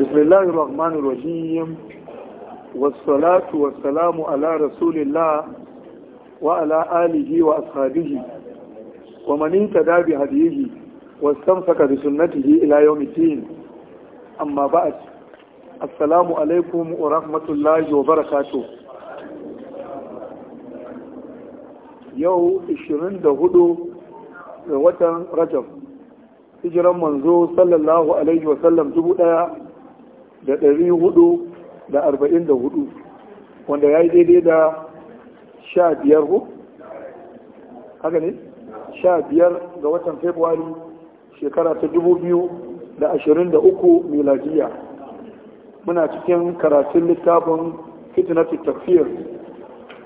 bismillahir rahmanir rahim wassalatu wassalamu ala rasulillah wa ala alihi wa ashabihi wa man intada bi hadihi wastamsaka bi sunnatihi ila yawmiddin amma ba'd assalamu alaikum wa rahmatullahi wa barakatuh yau 24 ga watan rajab hijiran manzo sallallahu alaihi wa sallam 1000 da ɗari hudu da arba'in da hudu wanda ya yi daidai da sha biyar haka ne sha biyar ga watan februari shekara ta dubu biyu da ashirin da uku miladiya muna cikin karatun littafin fitnatu tafiyar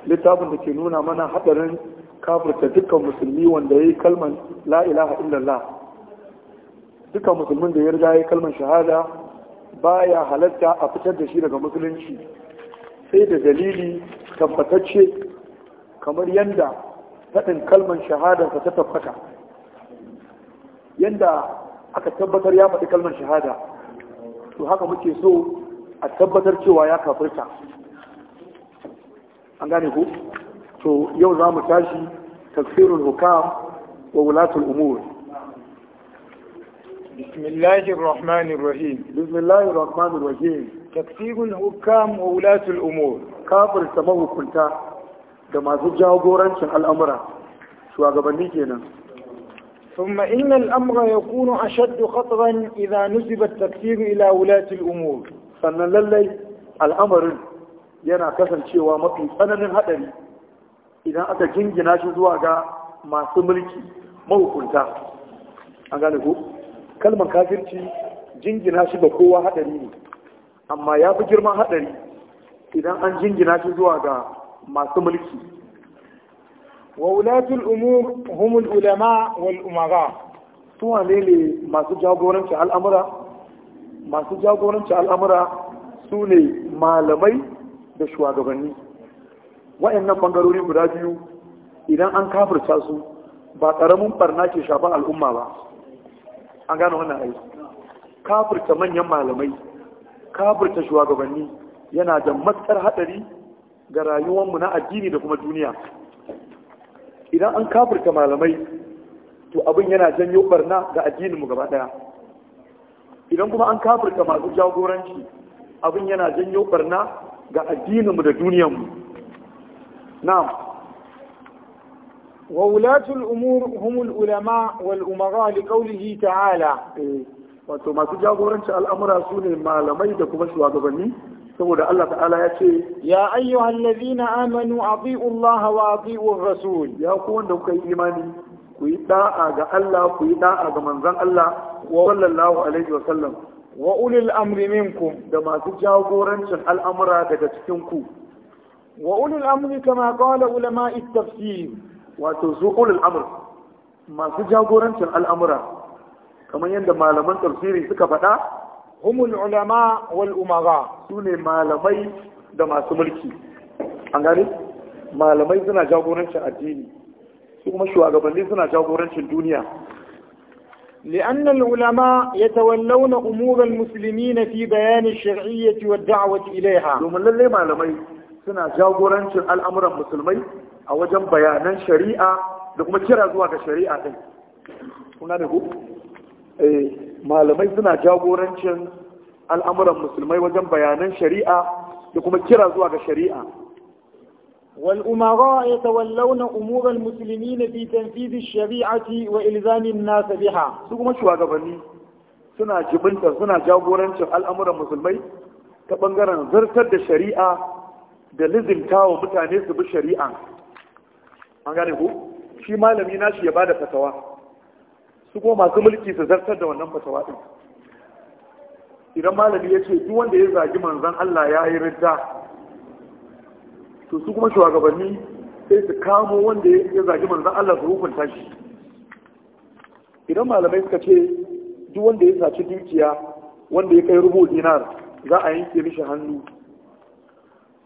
littafin da ke nuna mana haɗarin kafirta dukkan musulmi wanda ya yi kalman la'ila illallah dukkan musulmin da ya riga ya yi kalman shahada baya halatta a fitar da shi daga musulunci sai da dalili tabbatacce kamar yanda faɗin kalman shahadarsa ta tabbata yadda aka tabbatar ya faɗi kalman shahada to haka muke so a tabbatar cewa ya kafirta an gane ku to yau za mu tashi tafsirul hukam wa wulatul umur بسم الله الرحمن الرحيم بسم الله الرحمن الرحيم تكفير الحكام وولاة الأمور كافر سمو كنتا كما سجاو غورانشن الأمر شو أغبني كينا ثم إن الأمر يكون أشد خطرا إذا نسب التكفير إلى ولاة الأمور sannan lallai al'amarin yana kasancewa mafi tsananin haɗari idan aka jingina shi zuwa ga masu mulki mahukunta an gane ku kalmar kafirci jingina shi ga kowa hadari ne amma ya fi girman hadari idan an jingina shi zuwa ga masu mulki wa wulatul umur humul ulama wal umara su wane ne masu jagoranci al'amura masu jagoranci al'amura su ne malamai da shugabanni wayannan bangarori guda biyu idan an kafirta su ba ƙaramin ɓarna ke shafan al'umma ba an gano wannan aiki kafirta manyan malamai kafirta shugabanni yana da matsar hadari ga rayuwarmu na addini da kuma duniya idan an kafirta malamai to abin yana janyo barna ga addininmu gaba daya idan kuma an kafirta masu jagoranci abin yana janyo barna ga addininmu da mu na'am وولاة الأمور هم العلماء والأمراء لقوله تعالى wato masu jagoranci al'amura su ne malamai da kuma shugabanni saboda Allah ta'ala ya ce ya ayyuhal ladzina amanu ati'u Allah wa ati'u rasul ya ku wanda kuka yi imani ku yi da'a ga Allah ku yi da'a ga manzon Allah sallallahu alaihi wa sallam wa ulil amri minkum da masu jagorancin al'amura daga cikin ku wa ulil amri kama qala ulama'i tafsir wato su ulul masu jagorancin al'amura kamar yadda malaman tafsiri suka faɗa humul ulama wal umara su ne malamai da masu mulki an gane malamai suna jagorancin addini su kuma shugabanni suna jagorancin duniya لأن العلماء يتولون أمور المسلمين في بيان الشرعية والدعوة إليها. لما للي معلمين سنة jagorancin الأمر المسلمين a wajen bayanan shari'a da kuma kira zuwa ga shari'a ɗin. kuna ne ku eh, malamai suna jagorancin al'amuran musulmai wajen bayanan shari'a da kuma kira zuwa ga shari'a والأمراء يتولون أمور المسلمين في تنفيذ الشريعة وإلزام الناس بها سوكما شو هذا بني سنة جبنت سنة جاورن شف الأمر المسلمين تبنغرن زرتد الشريعة da lizinta wa mutane su bi shari'a an gane ku? shi malami nashi ya bada fatawa su kuma masu mulki su zartar da wannan fatawa din idan malami ya ce duk wanda ya zagi manzon Allah ya yi ridda to su kuma shugabanni sai su kamo wanda ya zagi manzon Allah su hukunta shi idan malamai suka ce duk wanda ya saci dukiya wanda ya kai rubu dinar za a yanke mishi hannu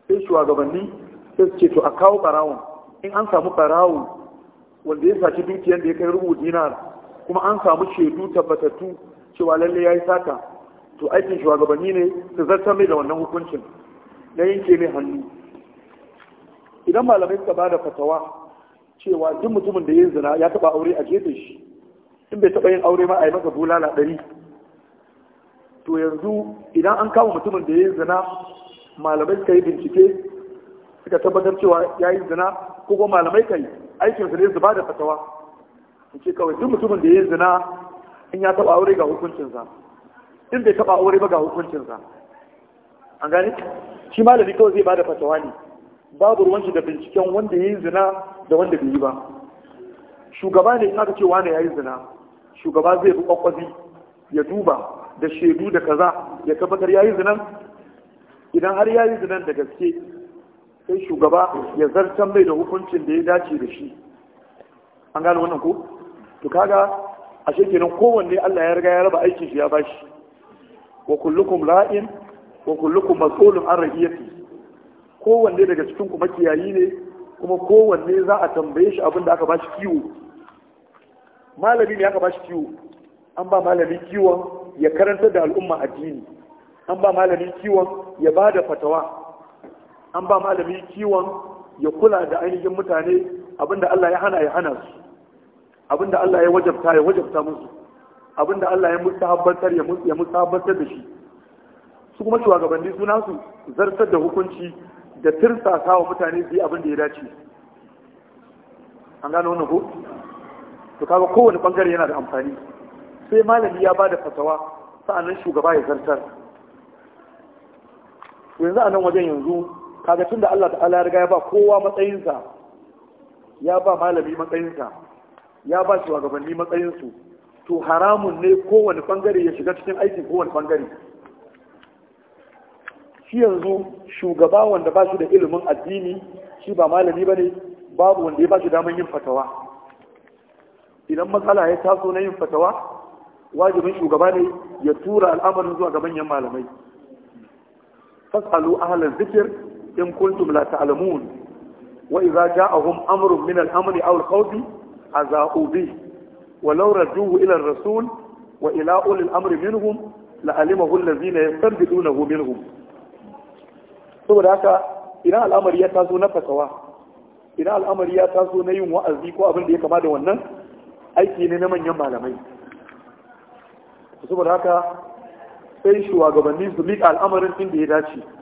sai shugabanni sai su ce to a kawo barawon in an samu barawo wanda ya saci dukiyar da ya kai rubu dinar kuma an samu shaidu tabbatattu cewa lalle ya yi sata to aikin shugabanni ne su zartar mai da wannan hukuncin na yanke mai hannu idan malamai suka ba da fatawa cewa duk mutumin da ya zina ya taba aure a jefe shi in bai taba yin aure ma a yi masa bulala ɗari to yanzu idan an kama mutumin da ya yi zina malamai suka yi bincike suka tabbatar cewa ya yi zina ko kuma malamai kai aikinsu ne su ba da fatawa in ce kawai duk mutumin da ya yi zina in ya taɓa aure ga hukuncinsa in bai taɓa aure ba ga hukuncinsa an gane shi malami kawai zai ba da fatawa ne babu ruwan shi da binciken wanda ya yi zina da wanda bai yi ba shugaba ne in aka ce wane ya yi zina shugaba zai bi kwakwazi ya duba da shaidu da kaza ya tabbatar ya yi zinan idan har ya yi zinan da gaske sai shugaba ya zartan mai da hukuncin da ya dace da shi an gane wannan ko to kaga a shekarun kowanne Allah ya riga ya raba aikin shi ya bashi wa kullukum ra'in wa kullukum mas'ulun an rahiyati kowanne daga cikin ku makiyayi ne kuma kowanne za a tambaye shi abin da aka bashi kiwo malami ne aka bashi kiwo an ba malami kiwon ya karantar da al'umma addini an ba malami kiwon ya ba da fatawa an ba malami kiwon ya kula da ainihin mutane abinda Allah ya hana ya hana su abinda Allah ya wajabta ya wajabta musu abinda Allah ya mustahabbatar ya ya mustahabbatar da shi su kuma shugabanni suna su zartar da hukunci da tirsasa wa mutane su yi abin da ya dace an gano wannan ko to kaga kowane bangare yana da amfani sai malami ya bada fatawa sa'annan shugaba ya zartar yanzu a nan wajen yanzu kaga tun da Allah ta'ala ya riga ya ba kowa matsayinsa ya ba malami matsayinsa ya ba shugabanni matsayinsu to haramun ne kowane bangare ya shiga cikin aikin kowane bangare shi yanzu shugaba wanda ba shi da ilimin addini shi ba malami ba ne babu wanda ya ba shi damar yin fatawa idan matsala ya taso na yin fatawa wajibin shugaba ne ya tura al'amarin zuwa ga manyan malamai fasalu ahalar zikir in kuntum la ta'lamun wa idza ja'ahum amrun min al-amri aw al-khawf aza'u bi wa law raduhu ila ar-rasul wa ila uli al-amri minhum la'alimahu allazina yastanbidunahu minhum saboda haka idan al'amari ya taso na fasawa idan al'amari ya taso na yin wa'azi ko abin da ya kama da wannan aiki ne na manyan malamai saboda haka sai shugabanni su miƙa al'amarin inda ya dace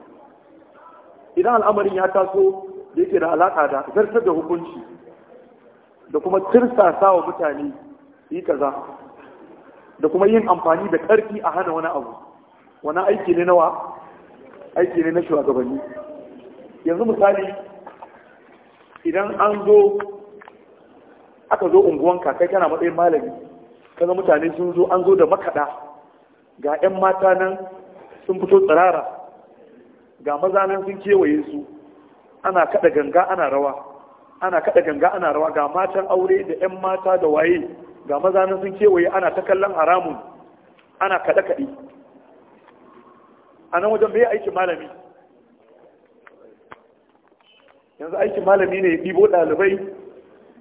idan al'amarin ya taso da yake da alaƙa da zartar da hukunci da kuma tirsasa wa mutane yi kaza da kuma yin amfani da ƙarfi a hana wani abu wani aiki ne nawa aiki ne na shugabanni yanzu misali idan an zo aka zo unguwanka kai kana matsayin malami kaga mutane sun zo an zo da makaɗa ga 'yan mata nan sun fito tsirara ga maza nan sun kewaye su ana kada ganga ana rawa ana kada ganga ana rawa ga matan aure da yan mata da waye ga maza nan sun kewaye ana ta kallon haramun ana kada kadi a nan wajen bai aiki malami yanzu aikin malami ne ɗibo ɗalibai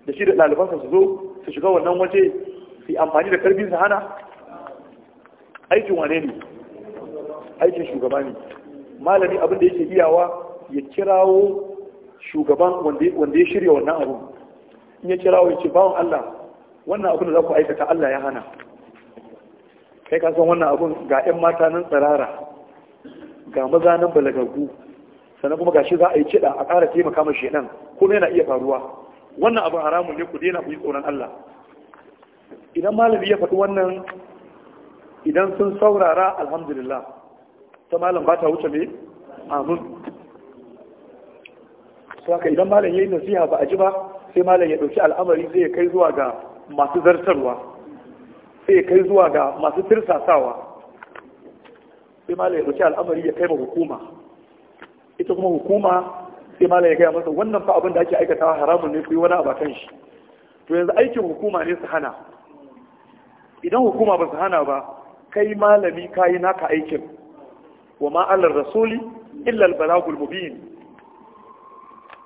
da shi da ɗalibansa su zo su shiga wannan waje su yi amfani da karfin su hana aikin wane ne aikin shugaba ne malami abin da yake iyawa ya kirawo shugaban wanda ya shirya wannan abu in ya kirawo ya ce bawon Allah wannan abin da za ku aikata Allah ya hana kai ka san wannan abin ga 'yan mata nan tsirara ga maza nan balagagu sannan kuma gashi za a yi kiɗa a ƙara taimaka ma shedan kuma yana iya faruwa wannan abin haramun ne ku daina ku yi tsoron Allah idan malami ya faɗi wannan idan sun saurara alhamdulillah ta malam ba ta wuce me amin haka, idan malam ya yi nasiha ba a ji ba sai malam ya ɗauki al'amari zai kai zuwa ga masu zartarwa sai kai zuwa ga masu tirsasawa sai malam ya ɗauki al'amari ya kai ma hukuma ita kuma hukuma sai malam ya gaya masa wannan fa abin da ake aikata haramun ne ku yi wani abakan shi to yanzu aikin hukuma ne su hana idan hukuma ba su hana ba kai malami kayi naka aikin wa ma alar rasuli illa albalagul mubin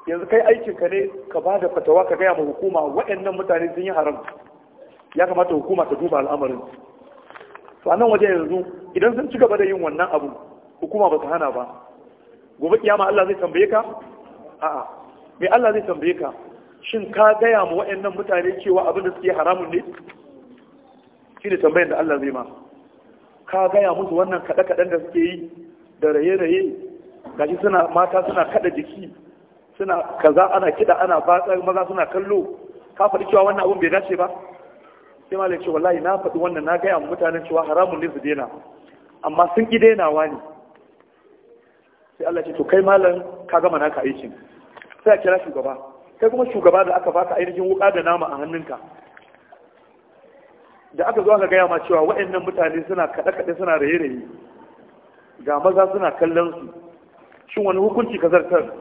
yanzu kai aikin ka ne ka ba da fatawa ka gaya ma hukuma waɗannan mutane sun yi haram ya kamata hukuma ta duba al'amarin to nan waje yanzu idan sun ci gaba da yin wannan abu hukuma ba ta hana ba gobe kiyama Allah zai tambaye ka a'a me Allah zai tambaye ka shin ka gaya ma waɗannan mutane cewa abin da suke haramun ne ne tambayar da Allah zai ma ka gaya musu wannan kaɗe-kaɗen da suke yi da raye-raye shi suna mata suna kaɗa jiki suna kaza ana kiɗa ana batsa maza suna kallo ka faɗi cewa wannan abin bai dace ba sai ma ce wallahi na faɗi wannan na gaya mutanen cewa haramun ne su daina amma sun ƙi dainawa ne sai Allah ce to kai malam ka gama naka aikin sai a kira shugaba kai kuma shugaba da aka baka ainihin wuka da nama a hannunka da aka zo aka gaya ma cewa waɗannan mutane suna kaɗe-kaɗe suna raye-raye ga maza suna kallon su shin wani hukunci ka zartar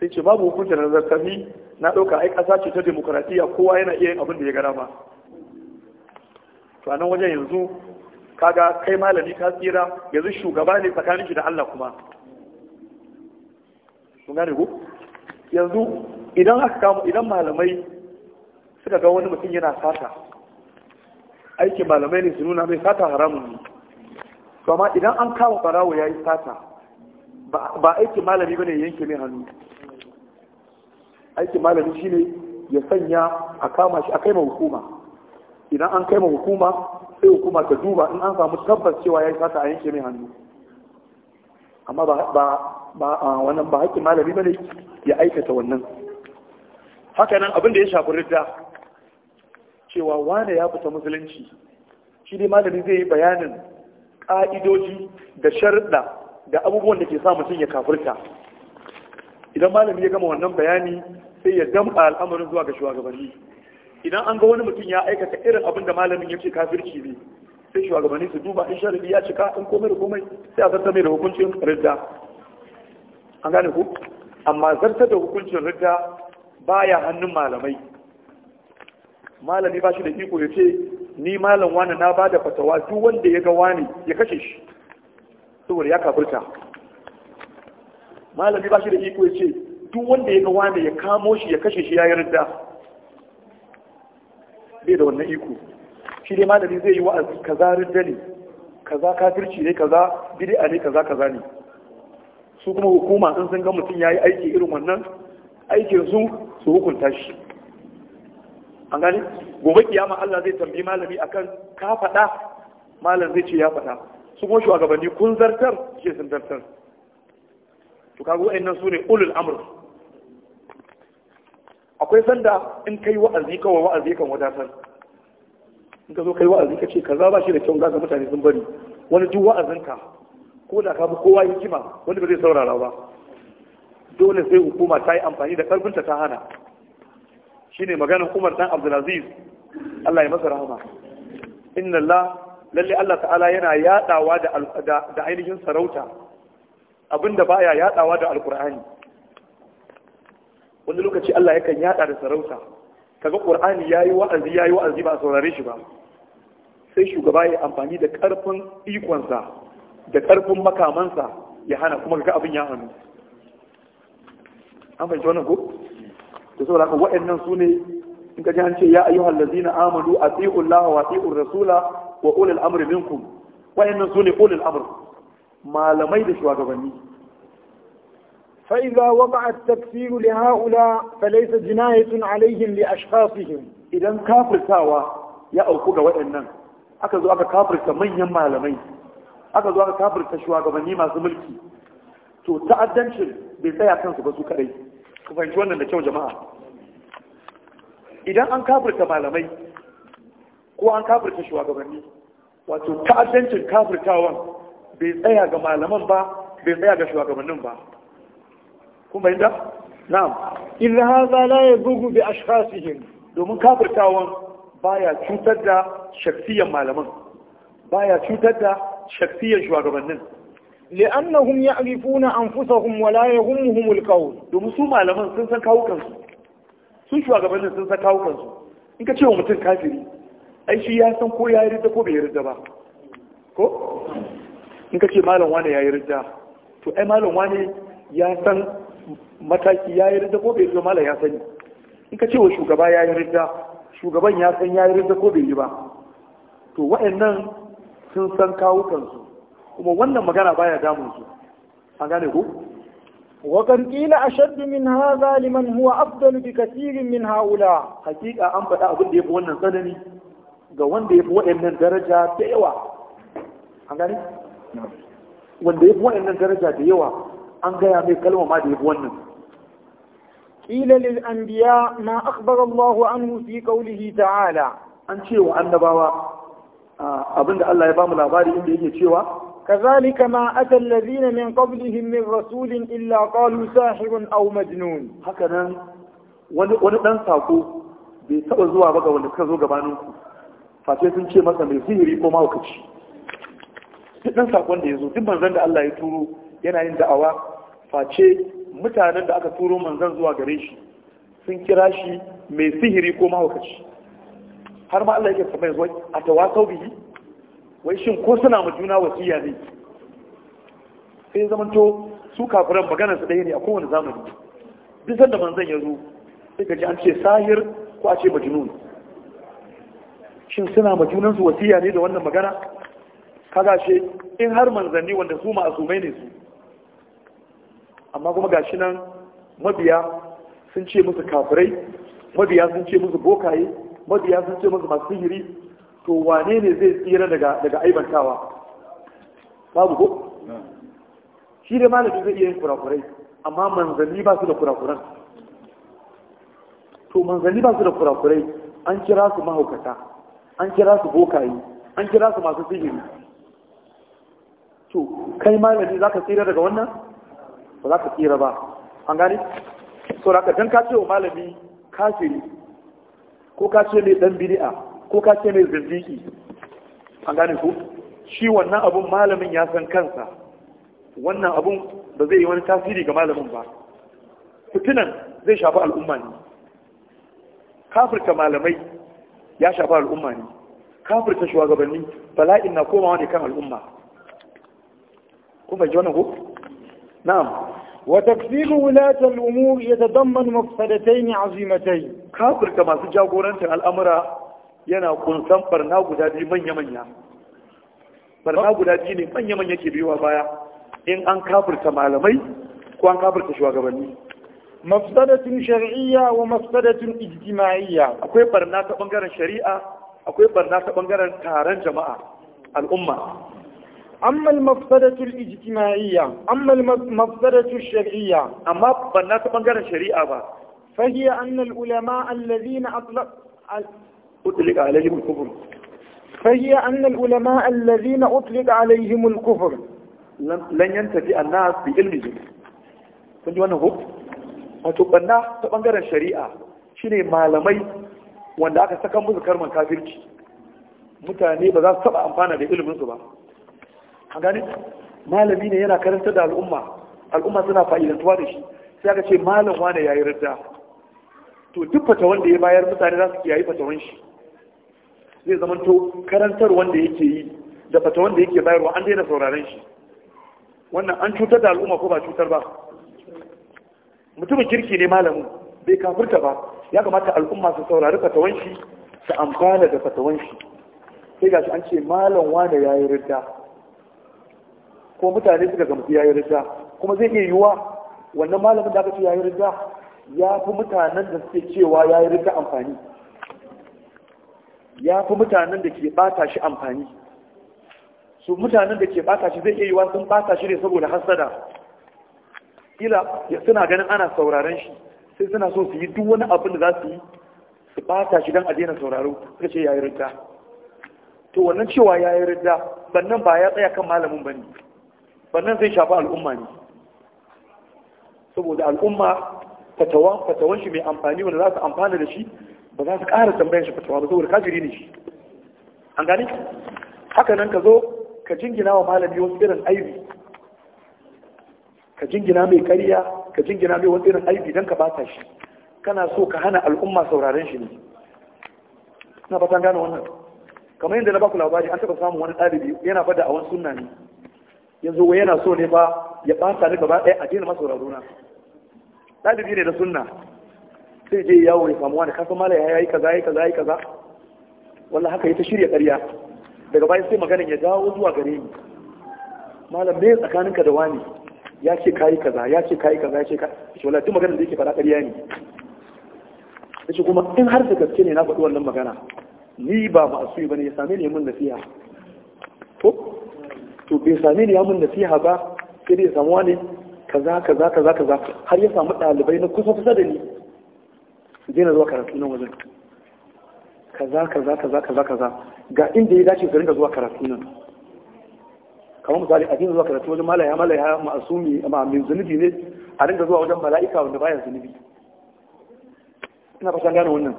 sai ce babu hukunci na zartar ni na ɗauka ai ƙasa ce ta demokaratiyya kowa yana iya yin abin da ya gara ma to a nan wajen yanzu kaga kai malami ka tsira yanzu shugaba ne tsakanin shi da Allah kuma kun gane ku yanzu idan aka idan malamai suka ga wani mutum yana sata aikin malamai ne su nuna mai sata haramun ne kuma idan an kama barawo ya yi sata ba aikin malami ba ne yanke mai hannu aikin malami shi ne ya sanya a kama shi a kai ma hukuma idan an kai ma hukuma sai hukuma ta duba in an samu tabbas cewa ya yi sata a yanke mai hannu amma ba wannan ba haƙƙin malami ba ne ya aikata wannan haka nan abin da ya shafi ridda cewa wane ya fita musulunci shi dai malami zai yi bayanin ƙa'idoji da sharɗa da abubuwan da ke sa mutum ya kafurta idan malami ya gama wannan bayani sai ya damɓa al'amarin zuwa ga shugabanni idan an ga wani mutum ya aikata irin abin da malamin ya ce kafirci ne sai shugabanni su duba in sharɗi ya cika in komai da komai sai a zartar mai da hukuncin ridda an gane ku amma zartar da hukuncin ridda baya hannun malamai malami ba shi da iko ya ce ni malam wani na ba da fatawa duk wanda ya ga wani ya kashe shi saboda ya kafirta malami ba shi da iko ya ce duk wanda ya ga wani ya kamo shi ya kashe shi ya yarda bai da wannan iko shi dai malami zai yi wa'azi kaza ridda ne kaza kafirci ne kaza bid'a ne kaza kaza ne su kuma hukuma in sun ga mutum ya yi aiki irin wannan aikin su su hukunta shi an gane gobe kiyama Allah zai tambayi malami akan ka faɗa malam zai ce ya faɗa su kuma shugabanni kun zartar ke sun zartar to kaga wa'annan su ne ulul amr akwai sanda in kai wa'azi kawai wa'azi kan wadatar in ka zo kai wa'azi ka ce kaza ba shi da kyau ga mutane sun bari wani duk wa'azinka ko da ka bi kowa hikima wani ba zai saurara ba dole sai hukuma ta yi amfani da karfinta ta hana shine maganar Umar dan Abdulaziz Allah ya masa rahama inna Allah lalle Allah ta'ala yana yadawa da da ainihin sarauta abinda baya yadawa da alqur'ani wani lokaci Allah yakan yada da sarauta kaga qur'ani yayi wa'azi yayi wa'azi ba saurare shi ba sai shugaba ya amfani da karfin ikonsa da karfin makamansa ya hana kuma ga abin ya hannu an fahimci wannan ko Da saboda haka waɗannan su ne in ka ji an ce ya ayyuhal Amadu a atiiu Allah wa atiiu rasula wa ulil amri minkum waɗannan su ne ulil amr malamai da shugabanni فإذا وقع التكفير لهؤلاء فليس جناية عليهم لأشخاصهم إذا كافر ساوى يا أوكوغا وإنن aka zo aka kafirta manyan malamai aka zo aka kafirta shugabanni masu mulki to ta'addanci bai tsaya kansu ba su kaɗai. ku fahimci wannan da kyau jama'a idan an kafirta malamai ko an kafirta shugabanni wato ta'addancin kafirtawan bai tsaya ga malaman ba bai tsaya ga shugabannin ba kuma inda na'am illa hadha la yabugu bi ashkhasihim domin kafirtawan baya cutar da shakhsiyan malaman baya cutar da shakhsiyan shugabannin li'annahum ya'rifuna anfusahum wa la yahummuhum al-qawl domin su malaman sun san kawukansu su shugabannin sun saka kansu in ka ce wa mutum kafiri ai shi ya san ko ya yi rida ko bai yi rida ba ko in ka ce malam wane ya yi rida to ai malam wane ya san mataki ya yi rida ko bai yi malam ya sani in ka ce wa shugaba ya yi rida shugaban ya san ya yi rida ko bai yi ba to wa'annan sun san kawo kansu kuma wannan magana baya damun su an gane ko وقد قيل أشد من هذا لمن هو أفضل بكثير من هؤلاء حقيقة أم بدأ أقول لي بوانا سنني قوان دي بوانا من درجة تيوى أنغاني وان دي بوانا من درجة أم أنغايا مي كلمة ما دي بوانا قيل للأنبياء ما أخبر الله عنه في قوله تعالى أنشي وأنبوا أبن الله يبام الأباري إن دي يشيوى كذلك ما أتى الذين من قبلهم من رسول إلا قالوا ساحر أو مجنون هكذا ونقدر ساقو بتأذوا بقى ونكذوا قبانوكم face sun ce masa mai sihiri ko mahaukaci duk ɗan saƙon da ya zo duk manzan da Allah ya turo yana yin da'awa face mutanen da aka turo manzan zuwa gare shi sun kira shi mai sihiri ko mahaukaci har ma Allah yake sa zuwa a tawasau bihi wai shin ko suna mu juna wasiya ne sai to su kafiran magana su ɗaya ne a kowane zamani duk sanda manzon ya zo sai ka ji an ce sahir ko a ce majnun shin suna mu junan su wasiya ne da wannan magana kaga shi in har manzanni wanda su ma'asumai ne su amma kuma gashi nan mabiya sun ce musu kafirai mabiya sun ce musu bokaye mabiya sun ce musu masu sihiri to wane ne zai tsira daga aibantawa babu ko shi dai malami zai iya yin kurakurai amma manzanni ba su da kurakuran to manzanni ba su da kurakurai an kira su mahaukata an kira su bokaye an kira su masu sihiri to kai malami za ka tsira daga wannan ba za ka tsira ba an gani sauraka don ka ce wa malami kafiri ko ka mai dan bid'a ko ka ce mai zindiki an gane ku shi wannan abun malamin ya san kansa wannan abun ba zai yi wani tasiri ga malamin ba fitinan zai shafi al'umma ne kafirta malamai ya shafi al'umma ne kafirta shugabanni bala'in na komawa ne kan al'umma kun fahimci wannan ko na'am وتكفير ta الأمور يتضمن مفسدتين عظيمتين كافر masu jagorantar al'amura. yana kunsan barna guda biyu manya-manya barna guda biyu ne manya-manya ke biyuwa baya in an kafirta malamai ko an kafirta shugabanni mafsadatin shari'iyya wa mafsadatin ijtima'iyya akwai barna ta bangaren shari'a akwai barna ta bangaren taron jama'a al'umma amma mafsadatu al-ijtima'iyya amma mafsadatu ash-shar'iyya amma barna ta bangaren shari'a ba fahiya anna al-ulama alladhina atlaq أطلق عليهم الكفر فهي أن العلماء الذين أطلق عليهم الكفر لن ينتفي الناس بعلمهم kun ji wannan hukun wato banna ta bangaren shari'a shine malamai wanda aka saka musu karman kafirci mutane ba za su taba amfana da ilimin su ba a gani malami ne yana karanta da al'umma al'umma suna fa'idantuwa da shi sai aka ce malam wane yayi radda to duk fata wanda ya bayar mutane za su kiyaye fatawan shi zai to karantar wanda yake yi da fata wanda yake bayarwa an daina sauraren shi wannan an cutar da al'umma ko ba cutar ba mutumin kirki ne malamin bai kafurta ba ya kamata al'umma su saurari fatawan shi su amfana da fatawan shi sai gashi an ce malam wane ya yi ridda ko mutane suka gamsu ya yi ridda kuma zai iya yiwuwa wannan malamin da aka ce ya yi ridda ya fi mutanen da suke cewa ya yi ridda amfani ya fi mutanen da ke bata shi amfani su mutanen da ke bata shi zai iya yiwa sun bata shi ne saboda hasada ila suna ganin ana sauraren shi sai suna so su yi duk wani abin da za su yi su bata shi don a daina sauraro suka ce yayi rida to wannan cewa yayi rida bannan ba ya tsaya kan malamin bane bannan zai shafi al'umma ne saboda al'umma fatawan shi mai amfani wanda za su amfana da shi ba za su ƙara tambayin shi fatawa ba saboda jiri ne shi an gani haka nan ka zo ka jingina wa malami wasu irin aibi ka jingina mai kariya, ka jingina mai wasu irin aibi don ka bata shi kana so ka hana al'umma sauraren shi ne na fatan gane wannan kamar yadda na baku labari an taɓa samun wani ɗalibi yana fada a wani sunna ne yanzu wai yana so ne ba ya ɓata ni gaba ɗaya a daina masauraro ɗalibi ne da sunna sai je yawo ya samuwa da kasan mala ya yi kaza yi kaza yi kaza wallahi haka ya ta shirya ƙarya daga bayan sai maganin ya dawo zuwa gare ni malam me ka da wani ya ce kayi kaza ya ce kayi kaza ya ce ka shi wallahi duk maganar da yake fara ƙarya ne yace kuma in har da gaske ne na faɗi wannan magana ni ba ma ba bane ya same ni mun nasiha to to bai same ni mun nasiha ba sai dai ya samu wani kaza kaza kaza kaza har ya samu ɗalibai na kusa kusa da ni su zuwa karatu nan wajen kaza kaza kaza kaza kaza ga inda ya dace garin rinka zuwa karatu nan kamar misali a dinga zuwa karatu wajen malaya malaya masu mai zunubi ne a ringa zuwa wajen mala'ika wanda baya zunubi ina fashin gane wannan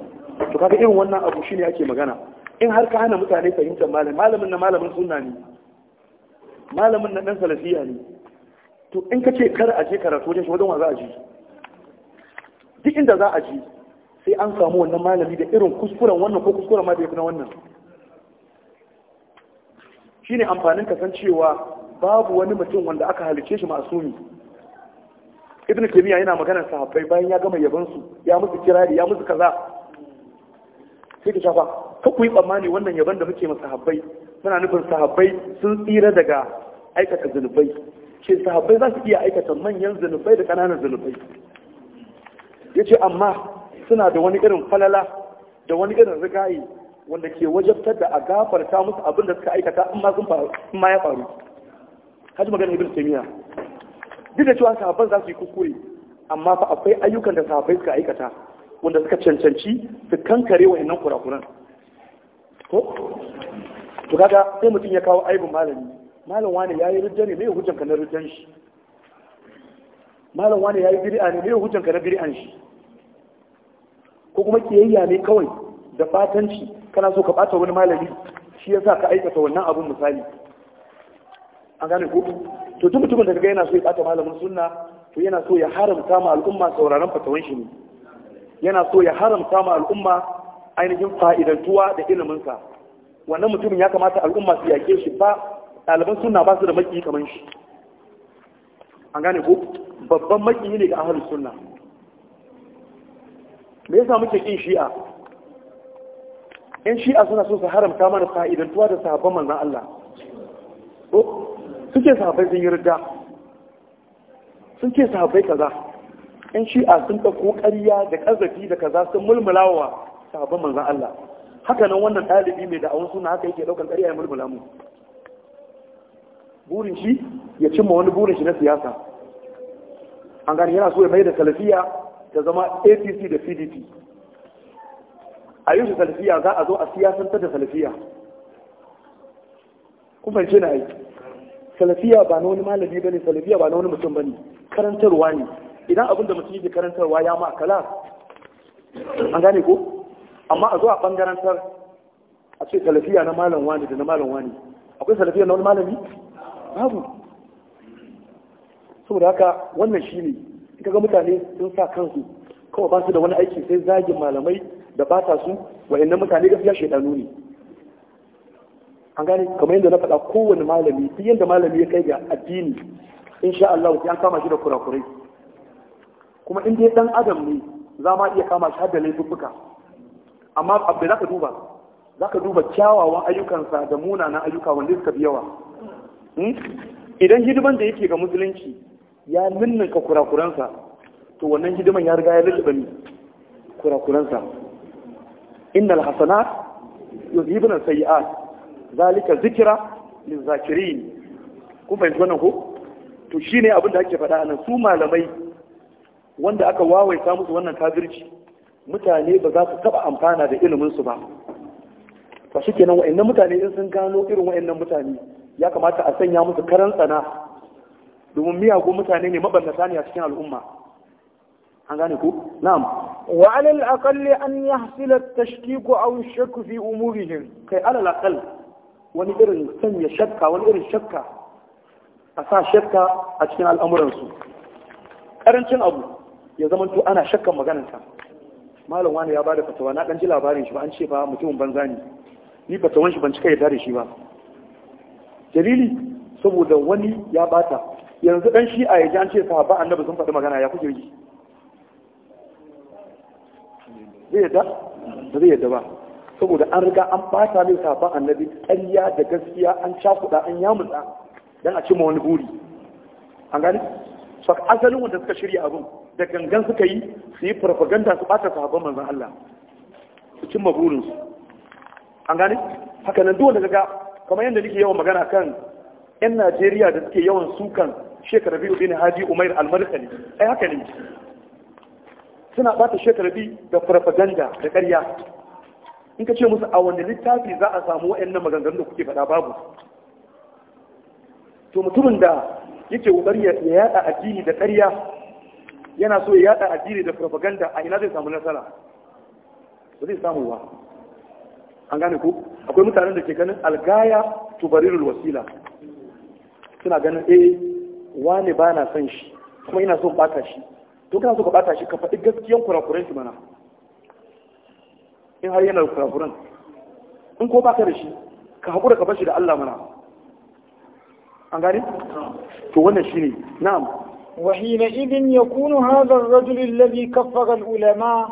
to kaga irin wannan abu shine ake magana in har ka hana mutane fahimtar malamin malamin na malamin sunna ne malamin na dan salafiya ne to in ka ce kar a je karatu wajen shi wajen wa za a je duk inda za a je sai an samu wannan malami da irin kuskuren wannan ko kuskuren ma da yafi na wannan shine amfanin kasancewa babu wani mutum wanda aka halice shi masumi ibn taymiya yana magana sahabbai bayan ya gama yabon su ya musu kirari ya musu kaza sai ka shafa ka ku yi tsammani wannan yabon da muke masa sahabbai muna nufin sahabbai sun tsira daga aikata zunubai shi sahabbai za su iya aikata manyan zunubai da ƙananan zunubai ya ce amma suna da wani irin falala da wani irin rigayi wanda ke wajabtar da a gafarta musu abin da suka aikata in ma sun faru in ma ya faru haji magana ibn taymiya duk da cewa sahabban za su yi kuskure amma fa akwai ayyukan da sahabbai suka aikata wanda suka cancanci su kankare wa wa'annan kurakuran ko to kaga sai mutum ya kawo aibin malami malam wani yayi rijjan ne mai hujjan ka na rijjan shi malam wani yayi bid'a ne mai hujjan ka na bid'an shi ko kuma kiyayya ne kawai da fatanci kana so ka bata wani malami shi yasa ka aikata wannan abin misali an gane ko to duk mutumin da kaga yana so ya bata malamin sunna to yana so ya haramta ma al'umma sauraron fatawan shi ne yana so ya haramta ma al'umma ainihin fa'idantuwa da ilimin sa wannan mutumin ya kamata al'umma su yake shi ba ɗaliban sunna ba su da maki kamar shi an gane ko babban maki ne ga ahlus sunna me yasa muke kin shi'a in shi'a suna so su haramta mana fa'idantuwa da sahabban manzon Allah suke sahabbai sun yi rida sun ce sahabbai kaza in shi'a sun ɗauko kokariya da ƙazafi da kaza sun mulmulawa sahabban manzon Allah haka nan wannan ɗalibi mai da'awun suna haka yake ɗaukan ƙarya ya mulmula mu burin shi ya cimma wani burin shi na siyasa an gani yana so ya mai da salafiya ta zama apc da pdp a yi su salafiya za a zo a siyasantar da salafiya kuma ce na aiki salafiya ba na wani malami ba ne salafiya ba na wani mutum ba ne karantarwa ne idan abin da mutum yake karantarwa ya ma kala an gane ko amma a zo a bangarantar a ce salafiya na malam wani da na malam wani akwai salafiya na wani malami babu saboda haka wannan shi ne Ka kaga mutane sun sa kansu kawai ba su da wani aiki sai zagin malamai da bata su wa'annan mutane gaskiya shaidanu ne an gane kamar yadda na faɗa kowane malami duk yadda malami ya kai ga addini insha Allah sai an kama shi da kurakurai kuma in dai dan adam ne za ma iya kama shi har da laifuffuka amma abu da ka duba za ka duba kyawawan ayyukansa da munanan ayyuka wanda suka fi yawa hmm? idan hidiman da yake ga musulunci ya ninninka kurakuransa to wannan hidiman ya riga ya rike ni kurakuransa innal hasanat yuzhibuna sayi'at zalika zikra lizakirin kun fahimci wannan ko to shine abin da ake faɗa nan su malamai wanda aka wawai wawaita musu wannan kafirci mutane ba za su taba amfana da ilimin su ba fa shikenan wa'annan mutane in sun gano irin wa'annan mutane ya kamata a sanya musu karan tsana domin miyagun mutane ne mabannata ne a cikin al'umma an gane ku na'am wa alal aqalli an yahsila at-tashkik aw shakk fi umurihim kai alal aqall wani irin sanya shakka wani irin shakka a sa shakka a cikin al'amuransu karancin abu ya zama to ana shakkan maganarsa malam wani ya ba da fatawa na ji labarin shi ba an ce ba mutumin banza ne ni fatawan shi ban cika yarda da shi ba dalili saboda wani ya bata yanzu dan shi a yaji an ce sahaba annabi sun faɗi magana ya kuke yi zai yadda ba zai yadda ba saboda an riga an bata mai sahaba annabi ƙarya da gaskiya an cakuɗa an yamutsa don a ma wani buri an gani so asalin wanda suka shirya abin da gangan suka yi su yi farfaganda su bata sahabban manzan Allah su cimma burinsu an gane haka nan daga wanda kamar yadda nake yawan magana kan 'yan najeriya da suke yawan sukan shekara biyu bin haji al almarkali ai haka ne suna bata shekara biyu da farfaganda da ƙarya in ka ce musu a wanda littafi za a samu wa'annan maganganun da kuke faɗa babu to mutumin da yake kokari ya yada addini da ƙarya yana so ya yada addini da farfaganda a ina zai samu nasara ba zai samu ba an gane ku akwai mutanen da ke ganin algaya tubarirul wasila suna ganin eh wani ba na son shi kuma ina son bata shi to kana so ka bata shi ka faɗi gaskiyan kurakuren shi mana in har yana kurakuren in ko baka da shi ka haƙura ka bashi da Allah mana an gane to wannan shine na'am وحينئذ يكون هذا الرجل الذي كفر العلماء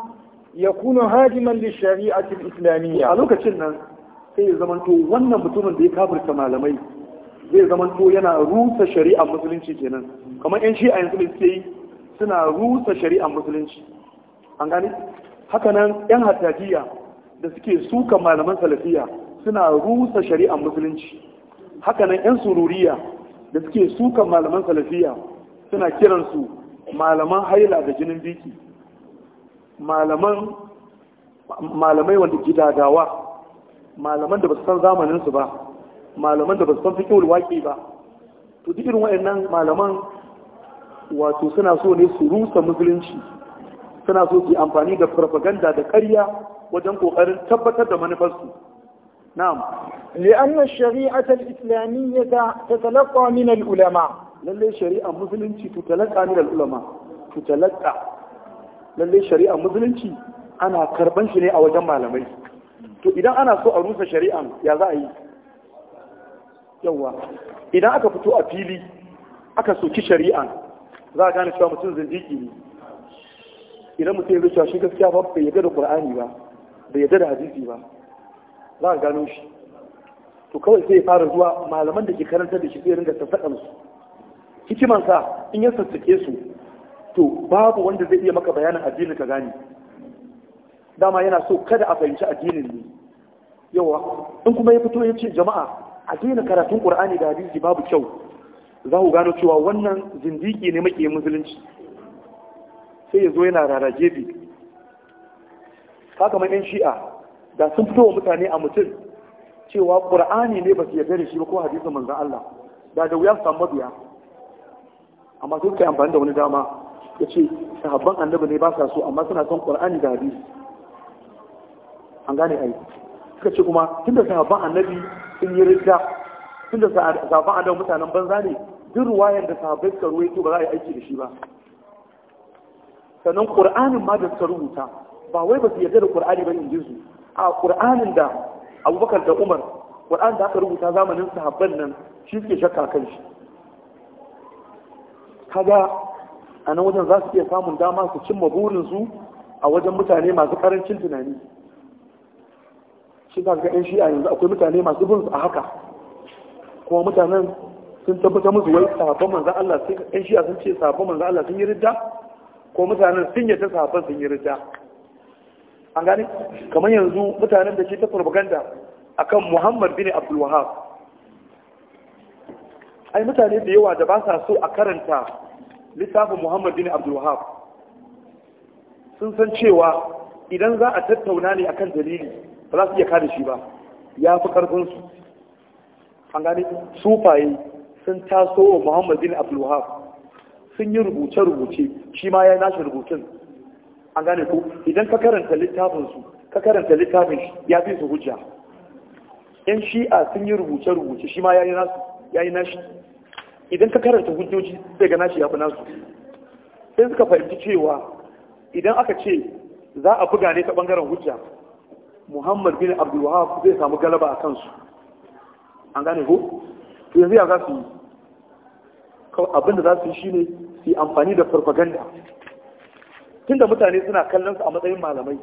يكون هاجما للشريعة الإسلامية. ألوك تشنن sai ya zama to wannan mutumin da ya kafirta malamai zai zama to yana rusa shari'ar musulunci kenan kamar yan shi a yanzu da suke yi suna rusa shari'ar musulunci an gani hakanan yan hatajiya da suke suka malaman salafiya suna rusa shari'ar musulunci hakanan yan sururiya da suke suka malaman salafiya suna kiransu malaman haila da jinin biki malaman malamai wanda gidadawa malaman da ba su san zamaninsu ba malaman da ba su san ba to duk irin waɗannan malaman wato suna so ne su rusa musulunci suna so su amfani da propaganda da ƙarya wajen ƙoƙarin tabbatar da manufarsu na'am li'an shari'at al-islamiyya tatalaqa min al-ulama lalle shari'a musulunci tutalaqa min al-ulama tutalaqa lalle shari'a musulunci ana karban shi ne a wajen malamai to idan ana so a rusa shari'an ya za a yi yawa idan aka fito a fili aka soki shari'a za a gane cewa mutum zindiki ne idan mutum ya zuciya shi gaskiya ba bai yadda da qur'ani ba bai yadda da hadisi ba za a gano shi to kawai sai ya fara zuwa malaman da ke karanta da shi sai ringa sassaƙan su sa in ya sassake su to babu wanda zai iya maka bayanin addinin ka gane dama yana so kada a fahimci addinin ne yawa in kuma ya fito ya ce jama'a A daina karatun ƙur'ani da hadisi babu kyau za ku gano cewa wannan zindiki ne make musulunci sai ya zo yana rarage bi haka yan shi'a da sun fito wa mutane a mutum cewa ƙur'ani ne ba su yarda da shi ba ko hadisin manzan Allah da da wuya su samu mabiya amma sun yi amfani da wani dama ya ce sahabban annabi ne ba sa so amma suna son ƙur'ani da hadisi an gane ai suka ce kuma tunda sahabban annabi sun yi rida da safan mutanen banza ne duk ruwayar da sahabbai suka ruwaito ba za a yi aiki da shi ba sannan ƙur'anin ma da suka rubuta ba wai ba su yarda da ƙur'ani ba inji su a ƙur'anin da abubakar da umar ƙur'an da aka rubuta zamanin sahabban nan shi suke shakka kan shi kaga a nan wajen za su iya samun dama su cimma burinsu a wajen mutane masu ƙarancin tunani shi za ga shi a yanzu akwai mutane masu bin a haka kuma mutanen sun tabbata musu wai sahabban manzan Allah sun yan shi'a sun ce sahabban manzan Allah sun yi ridda ko mutanen sun ta sahabban sun yi ridda an gane kamar yanzu mutanen da ke ta propaganda akan Muhammad bin Abdul Wahab ai mutane da yawa da ba sa so a karanta littafin Muhammad bin Abdul Wahab sun san cewa idan za a tattauna ne akan dalili ba za su iya kada shi ba ya fi karfin su an gane sufaye sun taso wa muhammad bin abdulwahab sun yi rubuce-rubuce shi ma ya nashi rubutun an gane ko idan ka karanta littafin su ka karanta littafin shi ya fi su hujja yan shi'a sun yi rubuce-rubuce shi ma ya yi nashi idan ka karanta hujjoji sai ga nashi ya fi nasu sai suka fahimci cewa idan aka ce za a buga ne ta bangaren hujja muhammad bin abdul wahab zai samu galaba a kansu an gane ko to yanzu ya za su yi abin da za su yi shine su yi amfani da farfaganda tunda mutane suna kallon su a matsayin malamai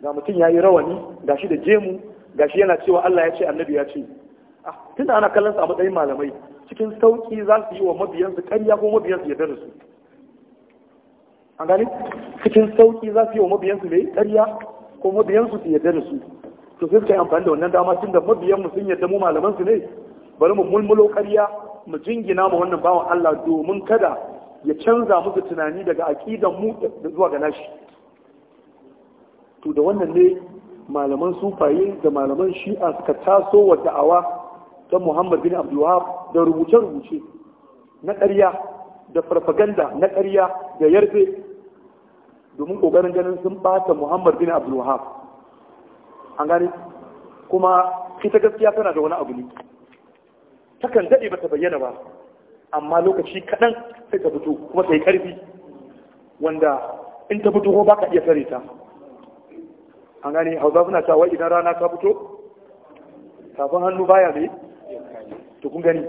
ga mutum ya yi rawani gashi da gemu gashi yana cewa Allah ya ce annabi ya ce ah, tunda ana kallon su a matsayin malamai cikin sauƙi za su yi wa mabiyansu ƙarya ko mabiyansu ya dana su an gani cikin sauƙi za su yi wa mabiyansu mai ƙarya ko mabiyansu su yadda da su to sai suka yi amfani da wannan dama tun da mabiyanmu sun yarda mu malaman su ne bari mu mulmulo ƙarya mu jingina mu wannan bawan Allah domin kada ya canza musu tunani daga aqidan mu zuwa ga nashi to da wannan ne malaman sufaye da malaman shi'a suka taso wa da'awa ta Muhammad bin Abdul Wahab da rubuce-rubuce na ƙarya da farfaganda na ƙarya da yarfe domin kogarin ganin sun bata muhammad bin abdul an gane kuma ita gaskiya tana da wani abu ne takan daɗe ba ta bayyana ba amma lokaci kaɗan sai ta fito kuma ta yi ƙarfi wanda in ta fito ko ba ka iya tare ta an gane hausa suna cewa idan rana ta fito tafin hannu baya ne to kun gani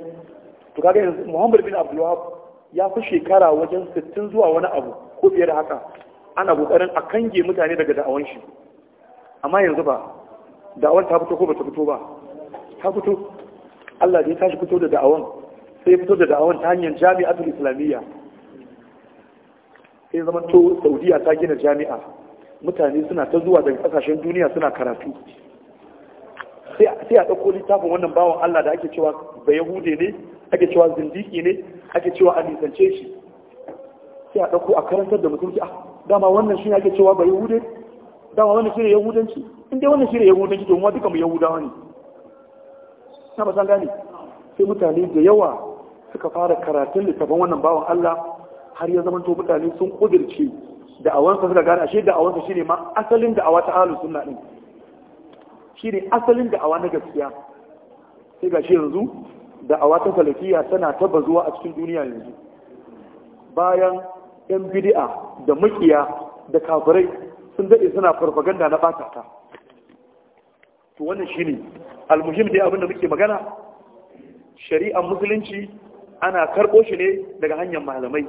to kaga yanzu muhammad bin abdulwahab ya fi shekara wajen 60 zuwa wani abu ko fiye da haka ana ƙoƙarin a kange mutane daga da'awan shi amma yanzu ba da'awar ta fito ko ba ta fito ba ta fito Allah da ya tashi fito da da'awan sai fito da da'awan ta hanyar jami'atul islamiyya sai zama to saudiya ta gina jami'a mutane suna ta zuwa daga kasashen duniya suna karatu sai a ɗauko littafin wannan bawan Allah da ake cewa ba yahude ne ake cewa zindiki ne ake cewa a nisance shi sai a ɗauko a karantar da mutum ki ah dama wannan shi ake cewa ba yahude dama wannan shi ne yahudanci in dai wannan shi ne yahudanci to kuma duka mu yahudawa ne na ba san gane sai mutane da yawa suka fara karatun littafin wannan bawan Allah har ya zamanto mutane sun kudirce da awansa suka gane ashe da awansa shine ma asalin da awata ta ahlus sunna din shine asalin da awa na gaskiya sai gashi yanzu da awata ta salafiya tana ta bazuwa a cikin duniya yanzu bayan 'yan bidi'a da makiya da kafirai sun daɗe suna farfaganda na ɓata to wannan shi ne almuhim dai abinda muke magana shari'ar musulunci ana karɓo shi ne daga hanyar malamai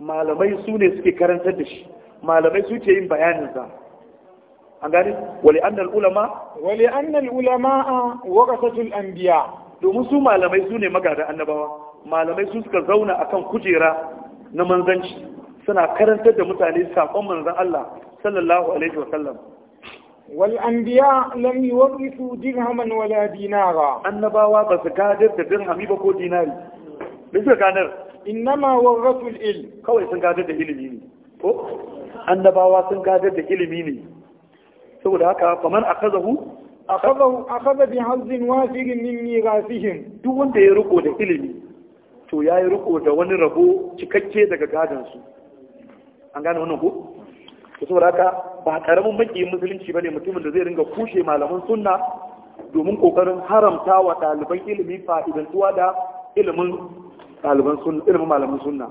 malamai su ne suke karantar da shi malamai su ce yin bayaninsa an gani wale annal ulama wali annal ulama an anbiya domin su malamai su ne magada annabawa malamai su suka zauna akan kujera na manzanci suna karantar da mutane sakon manzan Allah sallallahu alaihi wa sallam wal anbiya lam yuwarrisu dirhaman wala dinara annabawa ba su gadar da dirhami ba ko dinari Me suka gadar innama warrasu il. kawai sun gadar da ilimi ne ko annabawa sun gadar da ilimi ne saboda haka faman akazahu akazahu akaza bi hazzin wasirin min mirasihim duk wanda ya riko da ilimi to ya yi riko da wani rabo cikakke daga gadansu an gane wannan ko to saboda haka ba karamin makiyin musulunci bane mutumin da zai ringa kushe malaman sunna domin kokarin haramta wa ɗaliban ilimi fa'idantuwa da ilimin ɗaliban sunna ilimin malaman sunna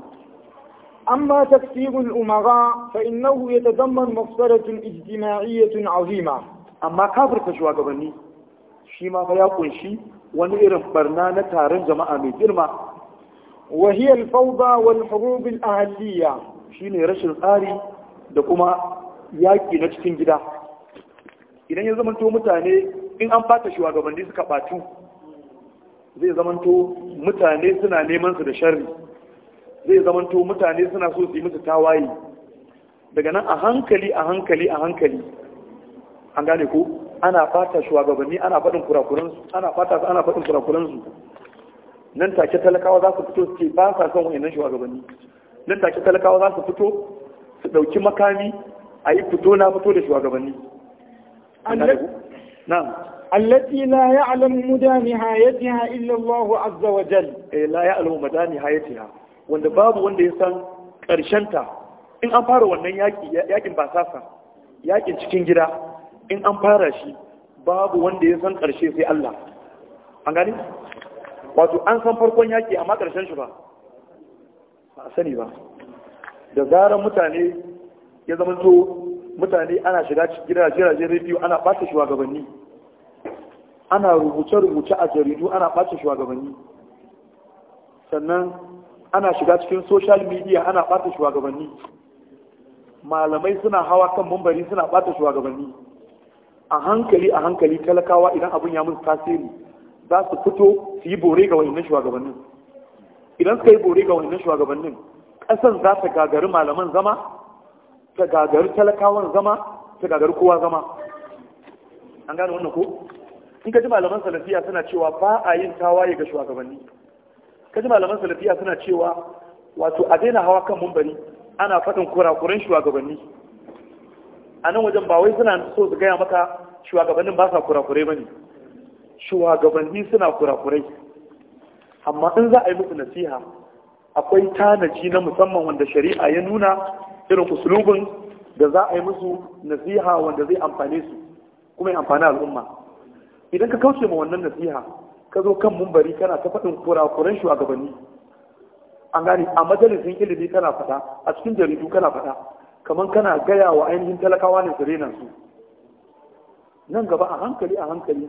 أما تكفير الأمراء فإنه يتضمن مفسدة اجتماعية عظيمة أما كافر تشوى ya شيما wani irin ونئرم برنانة تارن جماعة mai girma. Wahiyar hiya al-fawda wal hurub shine rashin tsari da kuma yaƙi na cikin gida idan ya zamanto mutane in an fata shugabanni suka batu zai zamanto mutane suna neman su da sharri zai zamanto mutane suna so su tawaye daga nan a hankali a hankali a hankali an gane ko ana fata shugabanni ana faɗin kurakuransu ana nan take talakawa za su fito su ce ba sa son wayannan shugabanni nan take talakawa za su fito su ɗauki makami a yi fito na fito da shugabanni na'am allati la ya'lamu mudani hayatiha illa Allah azza wa jal eh la ya'lamu mudani hayatiha wanda babu wanda ya san karshen ta in an fara wannan yaki yakin ba sasa yakin cikin gida in an fara shi babu wanda ya san karshe sai Allah an gani wato an san farkon yaƙi amma ƙarshen shi ba a sani ba da zarar mutane ya zama zo mutane ana shiga gidajen rediyo ana ɓata shugabanni ana rubuce-rubuce a jaridu ana ɓata shugabanni sannan ana shiga cikin social media ana ɓata shugabanni malamai suna hawa kan mambari suna ɓata shugabanni a hankali a hankali talakawa idan abin ya musu tasiri za su fito su yi bore ga wayannan shugabannin idan suka yi bore ga wayannan shugabannin ƙasan za ta gagari malaman zama ta gagari talakawan zama ta gagari kowa zama an gane wannan ko in ka ji malaman salafiya suna cewa ba a yin tawaye ga shugabanni ka ji malaman salafiya suna cewa wato a daina hawa kan mumbari ana faɗin kurakuran shugabanni a nan wajen ba wai suna so su gaya maka shugabannin ba sa kurakurai ba ne shugabanni suna kurakurai amma in za a yi musu nasiha akwai tanaji na musamman wanda shari'a ya nuna irin usulubin da za a yi musu nasiha wanda zai amfane su kuma ya amfani al'umma idan ka kauce ma wannan nasiha ka zo kan mumbari kana ta faɗin kurakuran shugabanni an gani a majalisin ilimi kana faɗa a cikin jaridu kana faɗa kamar kana gaya wa ainihin talakawa ne su nan gaba a hankali a hankali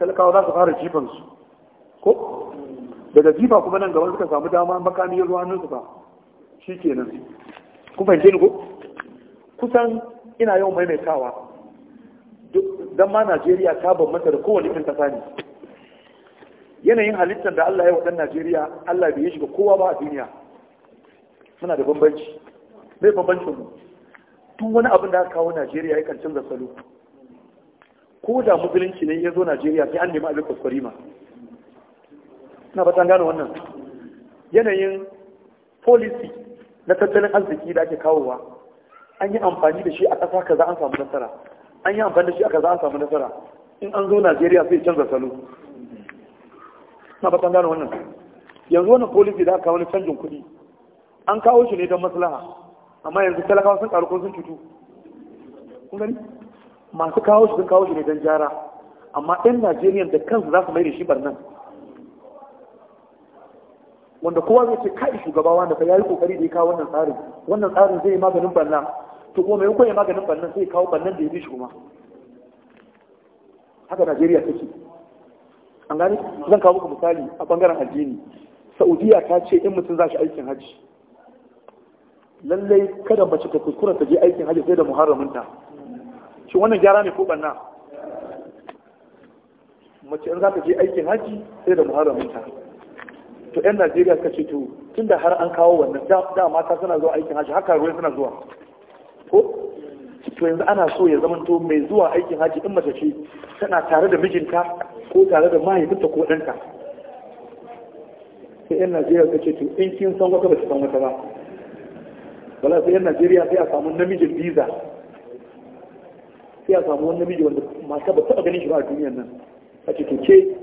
talakawa za su fara jifansu ko daga jifa kuma nan gaban suka samu dama makami ya ruwa su ba shi kenan kun fahimce ni ko kusan ina yawan maimaitawa don ma najeriya ta bambanta da kowane irin kasa ne yanayin halittar da allah ya wa ɗan najeriya allah bai yi shiga kowa ba a duniya muna da bambanci mai bambancin mu tun wani abin da aka kawo najeriya ya kan canza salo ko da musulunci ne ya zo najeriya sai an nemi abin kuskure ma na ba gano wannan yanayin policy na tattalin arziki da ake kawowa an yi amfani da shi a ƙasa kaza an samu nasara an yi amfani da shi a kaza an samu nasara in an zo najeriya sai canza salo na ba gano wannan yanzu wannan policy da aka wani canjin kuɗi an kawo shi ne don maslaha amma yanzu talakawa sun ƙaru ko sun cutu kun gani masu kawo shi sun kawo shi ne don jara amma ɗan najeriya da kansu za su mai da shi barnan wanda kowa zai ce kai shugaba wanda fa yayi kokari da ya kawo wannan tsarin wannan tsarin zai yi maganin barna to kuma maimakon ya maganin barna sai kawo barnan da ya bi shi kuma haka najeriya take an gani zan kawo muku misali a bangaren addini saudiya ta ce in mutum za shi aikin hajji lallai kada mace ta kuskura ta je aikin hajji sai da muharraminta shi wannan gyara ne ko banna mace in za ta je aikin haji sai da muharraminta to 'yan najeriya suka ce to tun da har an kawo wannan da mata suna zuwa aikin haji haka ruwan suna zuwa ko to yanzu ana so ya zama to mai zuwa aikin haji in mace ce tana tare da mijinta ko tare da mahaifinta ko ɗanta sai 'yan najeriya suka ce to in kin san wata ba san wata ba wala sai 'yan najeriya sai a samu namijin biza sai a samu wani namiji wanda mata ba taɓa ganin shi ba a duniyar nan a ce ke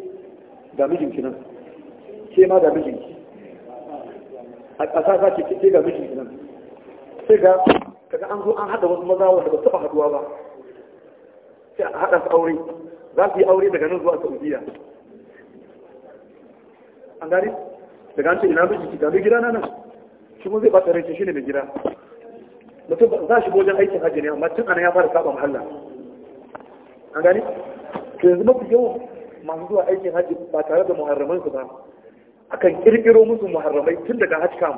ga mijinki nan ke ma ga mijinki a ƙasa ta ce ke ga mijinki nan sai ga kaga an zo an haɗa wasu maza wanda ba taɓa haɗuwa ba sai a haɗa su aure za su yi aure daga nan zuwa saudiya an gani daga an ce ina mijinki ga mai gida na nan shi mun zai ba tsarancin shi ne mai gida mutum za shi bojan aikin hajji ne amma tun ana ya fara saba mahalla an gani to yanzu mafi yawan masu zuwa aikin hajji ba tare da muharraman su ba akan kirkiro musu muharramai tun daga hajj kam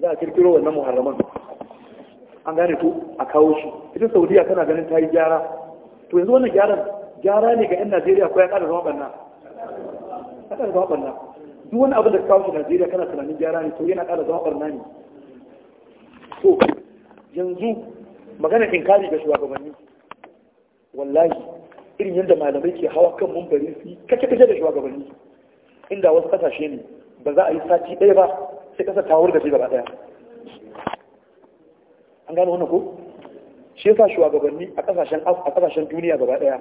za a kirkiro wannan muharraman an gane to a kawo shi ita saudiya tana ganin ta yi gyara to yanzu wannan gyaran gyara ne ga 'yan najeriya ko ya kada zama banna ya kada zama banna duk wani abin da ka kawo shi najeriya kana tunanin gyara ne to yana kada zama banna ne to yanzu magana inkari ga shugabanni wallahi irin yadda malamai ke hawa kan mumbari su kace kace da shugabanni inda wasu kasashe ne ba za a yi sati ɗaya ba sai kasa ta wurga gaba ɗaya an gano wannan ko shi yasa shugabanni a kasashen a kasashen duniya gaba ɗaya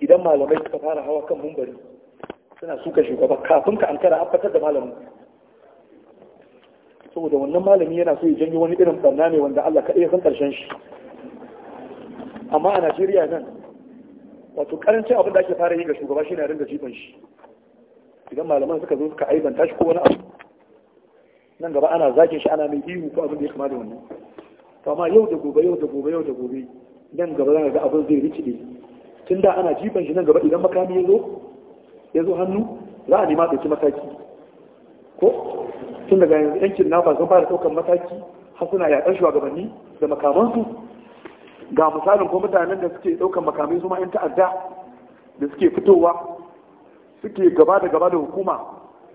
idan malamai suka fara hawa kan mumbari suna suka shugaba kafin ka ankara an fatar da malamin saboda wannan malami yana so ya janyo wani irin barna ne wanda Allah kaɗai ya san ƙarshen shi amma a Najeriya nan wato karanci abin da ake fara yi ga shugaba shi na ringa jifan shi idan malaman suka zo suka aibanta shi ko wani abu nan gaba ana zagin shi ana mai ihu ko abin da ya kama da wannan to amma yau da gobe yau da gobe yau da gobe nan gaba zan ga abin zai rikide tun da ana jifan shi nan gaba idan makami ya zo ya zo hannu za a nema ɗauki mataki ko tun daga yanzu yankin nafa sun fara ɗaukar mataki har suna yaƙar shugabanni da makamansu ga misalin ko mutanen da suke ɗaukar makamai su ma'in ta'adda da suke fitowa suke gaba da gaba da hukuma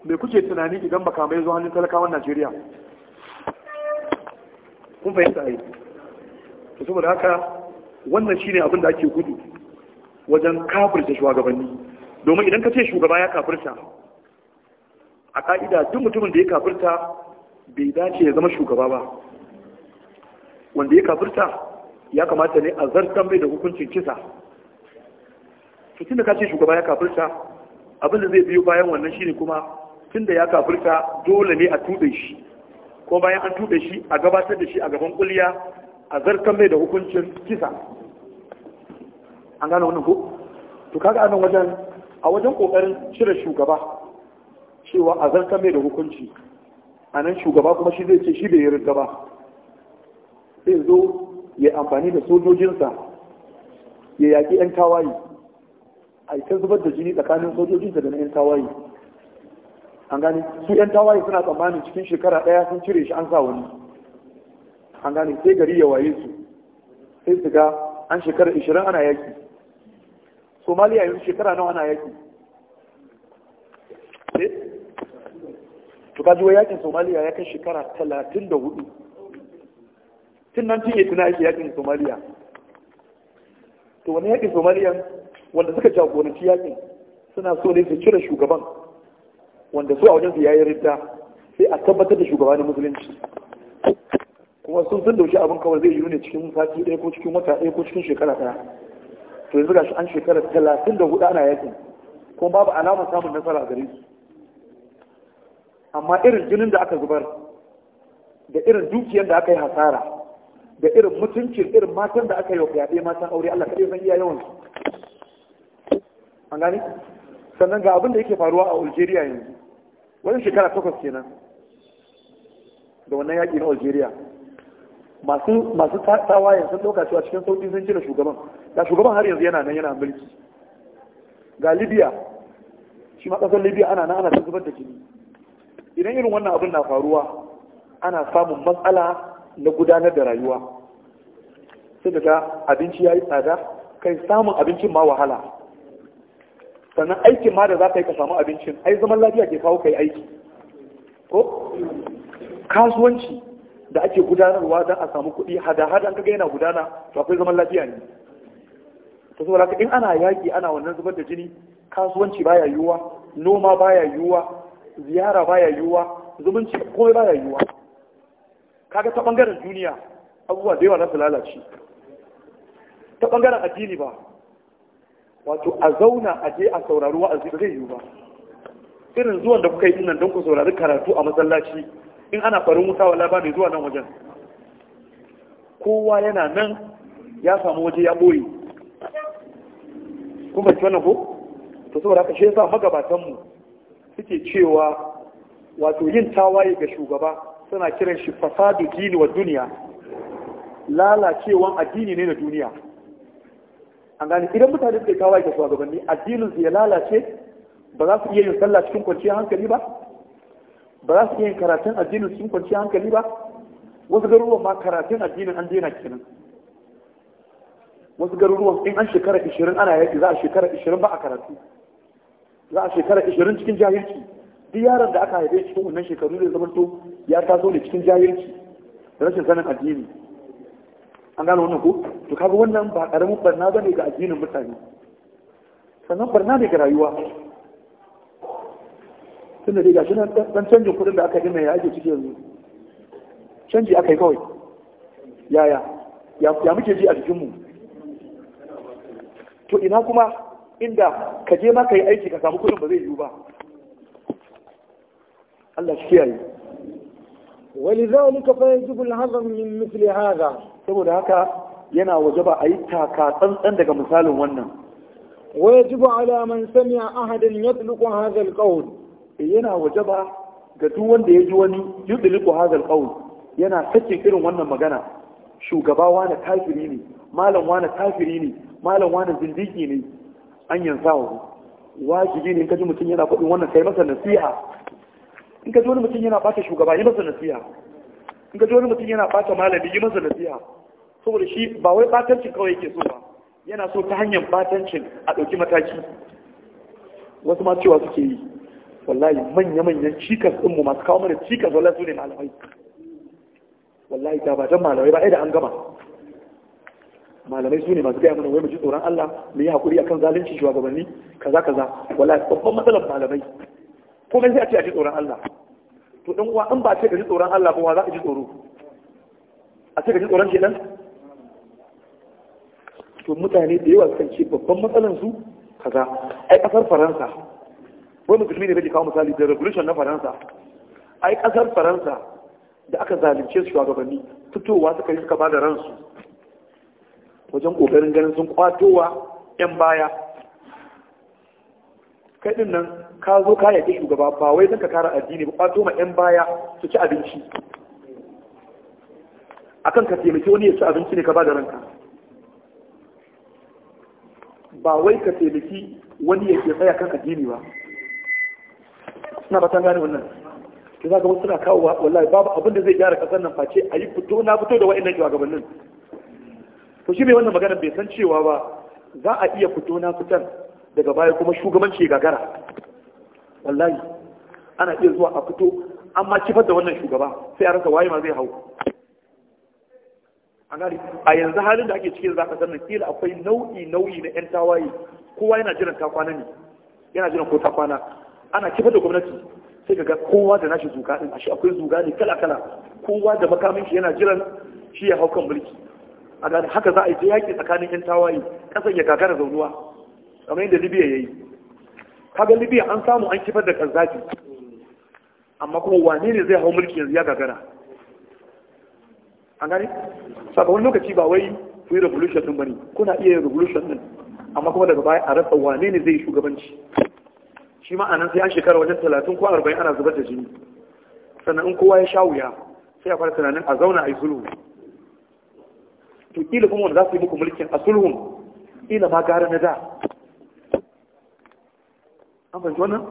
mai kuke tunani idan makamai zuwa hannun talakawan najeriya kun fahimta yi ta saboda haka wannan shine abin da ake gudu wajen kafirta shugabanni domin idan ka ce shugaba ya kafirta a ka'ida duk mutumin da ya kafirta bai dace ya zama shugaba ba wanda ya kafirta ya kamata ne a zartan mai da hukuncin kisa tun da ka ce shugaba ya kafirta abinda zai biyo bayan wannan shine kuma tun da ya kafirta dole ne a tuɗe shi ko bayan an tuɗe shi a gabatar da shi a gaban kuliya a zartan mai da hukuncin kisa an gane wannan ko to kaga anan wajen a wajen kokarin cire shugaba cewa a zartan mai da hukunci a nan shugaba kuma shi zai ce shi bai yi ba sai zo ya amfani da sojojinsa ya yaƙi 'yan tawaye a ta zubar da jini tsakanin sojojinsa da na 'yan tawaye an gani su 'yan tawaye suna tsammanin cikin shekara ɗaya sun cire shi an sa wani an gani sai gari ya waye su sai su ga an shekara 20 ana yaƙi somaliya yanzu shekara nawa ana yaƙi eh? to kaji wa somaliya ya kai shekara 34 tun nan tun tuna yake yakin somaliya to wani yakin somaliya wanda suka jagoranci yakin suna so ne su cire shugaban wanda su a wajen su yayi ridda sai a tabbatar da shugaba na musulunci kuma sun sun daushe abin kawai zai yi ne cikin sati ɗaya ko cikin wata ɗaya ko cikin shekara ɗaya to yanzu shi an shekara talatin da hudu ana yakin kuma babu alamar samun nasara a gare su amma irin jinin da aka zubar da irin dukiyar da aka yi hasara da irin mutuncin irin matan da aka yi wa fyaɗe matan aure Allah kaɗai zan iya yawan an gani? sannan ga abin da yake faruwa a Algeria yanzu wani shekara takwas kenan da wannan yaƙi na Algeria masu masu tawayen sun ɗauka cewa cikin sauƙi sun cire shugaban ga shugaban har yanzu yana nan yana mulki ga Libya shi ma ƙasar Libya ana nan ana ta zubar da jini idan irin wannan abin na faruwa ana samun matsala na gudanar da rayuwa sai daga abinci ya yi tsada kai samun abincin ma wahala sannan aikin ma da za ka yi ka samu abincin ai zaman lafiya ke kawo kai aiki ko kasuwanci da ake gudanarwa don a samu kuɗi hada-hada an kaga yana gudana to akwai zaman lafiya ne ta saboda in ana yaƙi ana wannan zubar da jini kasuwanci baya yiwuwa noma baya yiwuwa ziyara baya yiwuwa zumunci komai baya yiwuwa kaga ta bangaren duniya abubuwa da yawa na su lalace ta bangaren addini ba wato a zauna a je a saurari wa'azi ba zai yiwu ba irin zuwan da kuka yi nan don ku saurari karatu a masallaci in ana farin wuta wa labari zuwa nan wajen kowa yana nan ya samu waje ya boye kun fahimci wannan ko to saboda haka shi yasa magabatan suke cewa wato yin tawaye ga shugaba suna kiran shi fasadu dini wa duniya lalacewan addini ne na duniya an gani idan mutane suke kawo ga shugabanni addinin su ya lalace ba za su iya yin sallah cikin kwanciyar hankali ba ba za su iya yin karatun addinin cikin kwanciyar hankali ba wasu garuruwan ma karatun addinin an daina kenan wasu garuruwan in an shekara 20 ana yaki za a shekara 20 ba a karatu za a shekara 20 cikin jahilci duk yaron da aka haife cikin wannan shekaru zai zama to ya taso ne cikin jahilci da rashin sanin addini an gano wannan ko to kaga wannan ba karamin barna ne ga addinin mutane sannan barna ne ga rayuwa tun da dai gashi nan dan canjin kuɗin da aka yi mai ya cikin yanzu canji aka yi kawai yaya ya muke ji a jikinmu to ina kuma inda ka je ma ka yi aiki ka samu kuɗin ba zai yiwu ba Allah shi kiyaye ولذلك فيجب الحذر من مثل هذا saboda haka yana wajaba a yi taka tsantsan daga misalin wannan ويجب على من سمع أحد يطلق هذا القول eh, yana wajaba ga duk ya ji wani yudliqu hadha alqawl yana sakin irin wannan magana shugaba wani kafiri ne malam wani kafiri ne malam wani zindiki ne an yansa wajibi ne kaji mutum yana faɗin wannan kai masa nasiha in ka ji wani mutum yana bata shugaba yi masa nasiha in ka ji wani mutum yana bata malami yi masa nasiha saboda shi ba wai batancin kawai yake so ba yana so ta hanyar batancin a ɗauki mataki wasu ma cewa suke yi wallahi manya-manyan cikas ɗin mu masu kawo mana cikas wallahi su ne malamai wallahi ta ba don malamai ba da an gama malamai su ne masu gaya mana wai mu ji tsoron Allah mu yi hakuri akan zalunci shugabanni kaza kaza wallahi babban matsalar malamai komai sai a ce a ji tsoron Allah to dan uwa in ba ce ka ji tsoron Allah ba wa za ka ji tsoro a ce ka ji tsoron kenan to mutane da yawa sukan ce babban matsalan su kaza ai kasar Faransa wani musulmi ne bai kawo misali da revolution na Faransa ai kasar Faransa da aka zalunce su shugabanni fitowa suka yi suka ba da ransu wajen kokarin ganin sun kwatowa 'yan baya kai din nan ka zo ka yaki shugaba ba wai ka kara addini ba kwato ma yan baya su ci abinci akan ka taimaki wani ya ci abinci ne ka ba da ranka ba wai ka taimaki wani ya ke tsaya kan addini ba suna ba gane wannan ke za ga wasu suna kawo wallahi babu abin da zai gyara kasar nan face a yi fito na fito da wa'annan shugabannin to shi mai wannan magana bai san cewa ba za a iya fito na fitan daga baya kuma shugabanci gagara wallahi ana iya zuwa a fito an ma kifar da wannan shugaba sai a rasa waye ma zai hau a gari a yanzu halin da ake cikin zaka sannan kila akwai nau'i nau'i na yan tawaye kowa yana jiran ta kwana ne yana jiran ko ta kwana ana kifar da gwamnati sai ga kowa da nashi zuga din shi akwai zuga ne kala kala kowa da makamin shi yana jiran shi ya hau kan mulki a gari haka za a yi yaƙi tsakanin yan tawaye kasan ya gagara zaunuwa kamar yadda libya ya yi kaga libya an samu an kifar da kanzaki amma kuma wane ne zai hau mulki yanzu ya gagara an gani saboda wani lokaci ba wai ku revolution din bane kuna iya yin revolution din amma kuma daga baya a rasa wane ne zai shugabanci shi ma anan sai an shekara wajen talatin ko arba'in ana zubar da jini sannan in kowa ya sha wuya sai a fara tunanin a zauna a yi sulhu to kila kuma wanda za su yi muku mulkin a sulhun kila ma gara na da an wannan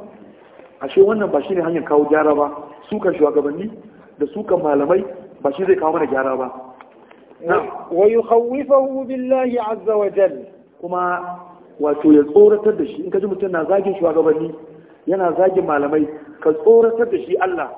ashe wannan ba hanyar kawo gyara ba sukan shugabanni da sukan malamai ba shi zai kawo mana gyara ba wa yukhawwifahu billahi azza wa jal kuma wato ya tsoratar da shi in kaji mutum na zagin shugabanni yana zagin malamai ka tsoratar da shi Allah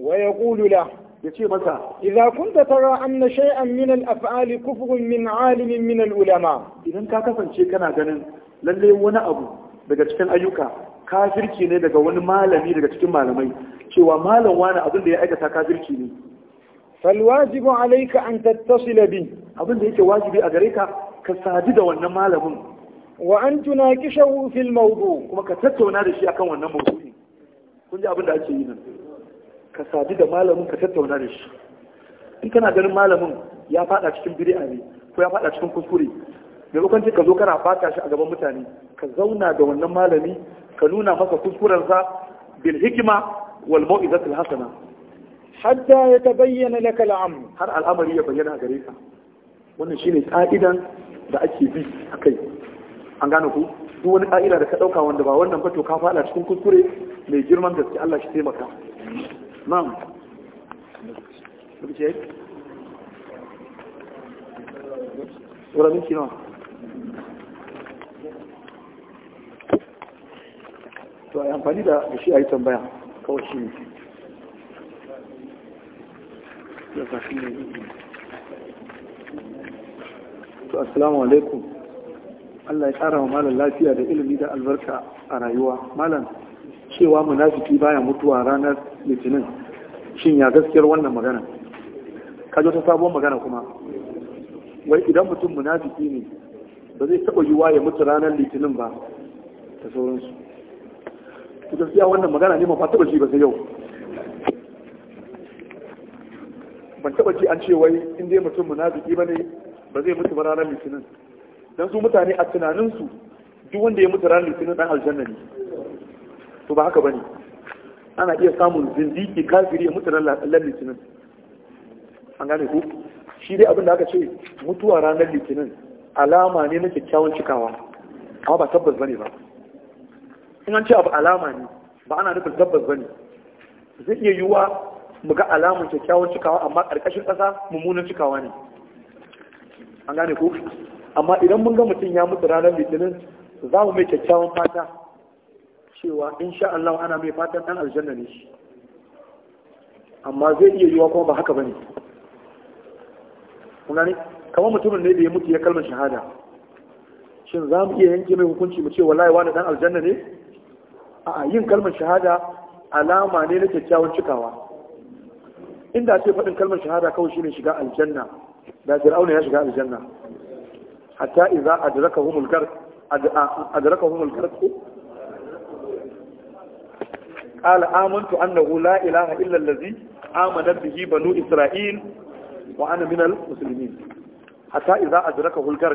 wa yaqulu la yace masa idza kunta tara anna shay'an min al-af'al kufrun min alimin min al-ulama idan ka kasance kana ganin lalle wani abu daga cikin ayyuka kafirci ne daga wani malami daga cikin malamai cewa malam wani abin da ya aikata kafirci ne falwajibu alayka an tattasila bi abin da yake wajibi a gare ka ka sadi da wannan malamin wa an tunakishahu fil mawdu kuma ka tattauna da shi akan wannan mawdu'i kun ji abin da ake yi nan ka sadi da malamin ka tattauna da shi in kana ganin malamin ya fada cikin bid'a ne ko ya fada cikin kuskure maimakon ce ka zo kana bata shi a gaban mutane ka zauna da wannan malami ka nuna masa kuskurensa bil hikima wal mau'izatil hasana hatta ya tabayyana laka al'am har al'amari ya bayyana gare ka wannan shine ka'idan da ake bi akai an gane ku duk wani ka'ida da ka dauka wanda ba wannan ba to ka fada cikin kuskure mai girman gaske Allah shi taimaka na'am Ora, mentira. to a amfani da shi a yi tambaya kawai shi ne. to assalamu alaikum Allah ya ƙara wa malam lafiya da ilimi da albarka a rayuwa malam cewa munafiki baya mutuwa ranar litinin shin ya gaskiyar wannan magana kajo wata sabon magana kuma wai idan mutum munafiki ne ba zai taɓa yiwa ya mutu ranar litinin ba da sauransu Ku gaskiya wannan magana ne ba taɓa ji ba sai yau ban taɓa ji an ce wai in dai mutum munafiki ba ne ba zai mutu ba ranar litinin dan su mutane a tunaninsu duk wanda ya mutu ranar litinin dan aljanna ne to ba haka ba ne ana iya samun zindiki kafiri ya mutu ranar litinin an gane ku shi dai abin da aka ce mutuwa ranar litinin alama ne na kyakkyawan cikawa amma ba tabbas bane ba in an ce abu alama ne ba ana nufin tabbas bane zai iya yiwuwa mu ga alamun kyakkyawan cikawa amma ƙarƙashin ƙasa mummunan cikawa ne an gane ko amma idan mun ga mutum ya mutu ranar litinin za mu mai kyakkyawan fata cewa insha Allah ana mai fatan dan aljanna ne shi amma zai iya yiwuwa kuma ba haka bane kun gane kamar mutumin ne da ya mutu ya kalmar shahada shin za mu iya yanke mai hukunci mu ce wallahi wani dan aljanna ne a yin kalmar shahada alama ne na kyakkyawan cikawa inda ce faɗin kalmar shahada kawai shine shiga aljanna da fir'auna ya shiga aljanna hatta idza adrakahumul gar adrakahumul gar قال آمنت أنه لا إله إلا الذي آمنت به بنو إسرائيل وأنا من المسلمين hatta idza azraka hulgar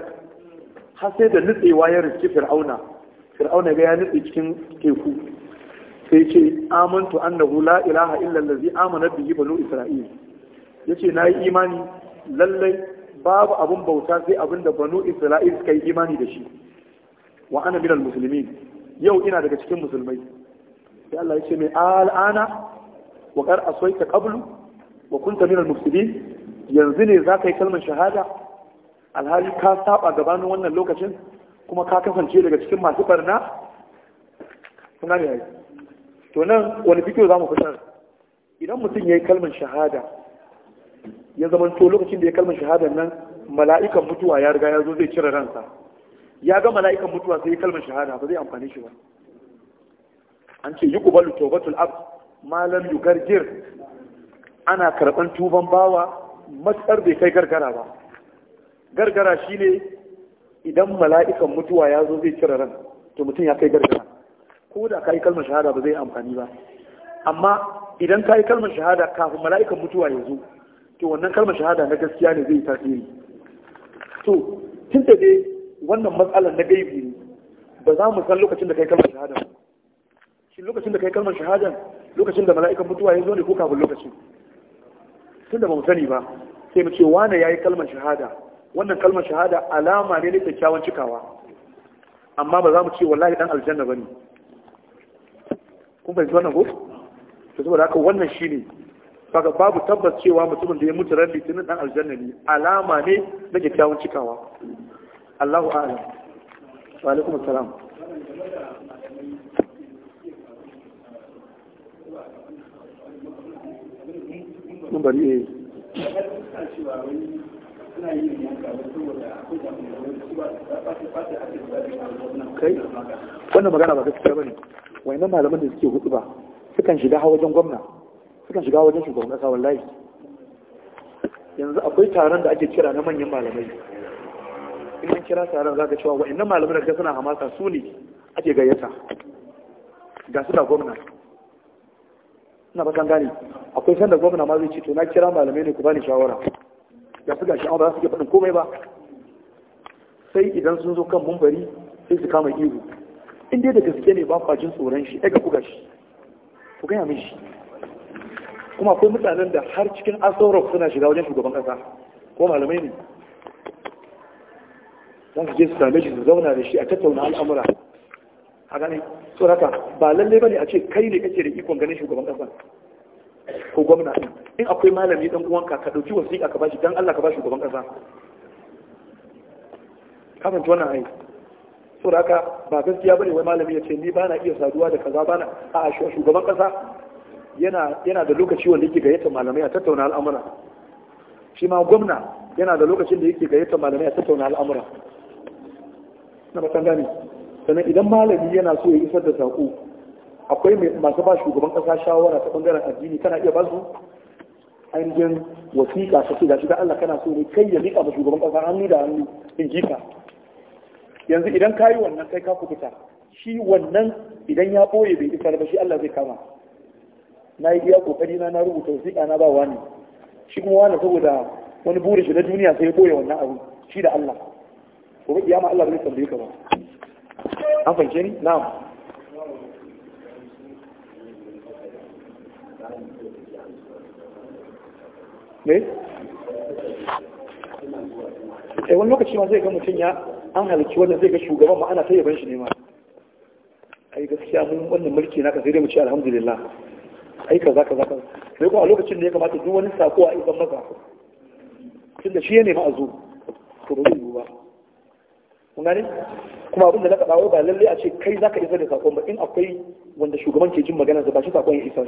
har sai da nutsewa ya riski fir'auna fir'auna ga ya nutse cikin teku sai ce amantu annahu la ilaha illa allazi amana bihi banu isra'il yace nayi imani lallai babu abun bauta sai abin da banu isra'il suka yi imani da shi wa ana minal muslimin yau ina daga cikin musulmai sai Allah ya ce mai al'ana wa kar aswaita qablu wa kunta minal mufsidin yanzu ne za ka yi kalmar shahada alhali ka saba gabanin wannan lokacin kuma ka kasance daga cikin masu barna kuna ne yayi to nan wani fito za mu fitar idan mutum ya yi kalmar shahada ya zama to lokacin da ya kalmar shahada nan mala'ikan mutuwa ya riga ya zo zai cire ransa ya ga mala'ikan mutuwa sai ya kalmar shahada ba zai amfani shi ba an ce yi kubalu tawbatul abd malam yugargir ana karban tuban bawa matsar bai kai gargara ba gargara shine idan mala'ikan mutuwa ya zo zai cire ran to mutum ya kai gargara ko da ka yi kalmar shahada ba zai amfani ba amma idan ka yi kalmar shahada kafin mala'ikan mutuwa ya zo to wannan kalmar shahada na gaskiya ne zai tasiri to tun da dai wannan matsalar na gaibi ne ba za mu san lokacin da kai kalmar shahada shi lokacin da kai kalmar shahada lokacin da mala'ikan mutuwa ya zo ne ko kafin lokacin tun da ba mu sani ba sai mu ce wane ya yi kalmar shahada wannan kalmar shahada alama ne na kyakkyawan cikawa amma ba za mu ce wallahi dan aljanna bane kun fahimci wannan ko to saboda haka wannan shine kaga babu tabbas cewa mutumin da ya mutu ran litinin dan aljanna ne alama ne na kyakkyawan cikawa Allahu a'lam wa alaikum assalam mun bari eh suna yin ba saboda akwai da su ba ne. wannan magana ba gaskiya malaman da suke hudu ba sukan shiga wajen gwamna sukan shiga wajen shugaban kasa wallahi yanzu akwai taron da ake kira na manyan malamai in an kira taron za ka cewa wa'annan malamai da suna hamasa su ne ake gayyata ga su da gwamna ina ba kan gane akwai sanda gwamna ma zai ce to na kira malamai ne ku bani shawara ya fi gashi ba za su iya faɗin komai ba sai idan sun zo kan mumbari sai su kama ihu in dai da gaske ne ba fajin tsoron shi ai ga ku gashi ku gaya min shi kuma akwai mutanen da har cikin asorok suna shiga wajen shugaban kasa ko malamai ne za su je su same shi su zauna da shi a tattauna al'amura a gane ba lallai ba lalle a ce kai ne kake da ikon ganin shugaban kasa ko gwamna in akwai malami dan uwanka ka dauki wasiƙa ka bashi dan Allah ka bashi gaban kasa ka fahimci na ai saboda haka ba gaskiya bane wai malami ya ce ni bana iya saduwa da kaza bana a shugaban kasa yana yana da lokaci wanda yake gayyata malamai a tattauna al'amura shi ma gwamna yana da lokacin da yake gayyata malamai a tattauna al'amura na matan gane sannan idan malami yana so ya isar da sako akwai masu ba shugaban kasa shawara ta bangaren addini kana iya ba su ainihin wasiƙa ta ce gashi shiga Allah kana so ne kai ya liƙa ba shugaban kasa hannu da hannu in ji ka yanzu idan ka yi wannan kai ka kubuta shi wannan idan ya ɓoye bai isar ba shi Allah zai kama na yi iya ƙoƙari na na rubuta wasiƙa na ba wani shi kuma wani saboda wani burin shi na duniya sai ya ɓoye wannan abu shi da Allah gobe ma Allah bai tambaye ka ba an fahimce ni na'am ne eh wani lokaci ma zai ga mutum ya an halarci wanda zai ga shugaban ma ana ta shi ne ma ai gaskiya mun wannan mulki naka sai dai mu ce alhamdulillah ai kaza kaza kaza sai kuma a lokacin da ya kamata duk wani sako a isan maza? tunda shi ne zo? to ba zai ba kun gane kuma abin da na faɗa ba lalle a ce kai zaka isar da sakon ba in akwai wanda shugaban ke jin magana da ba shi sakon ya isar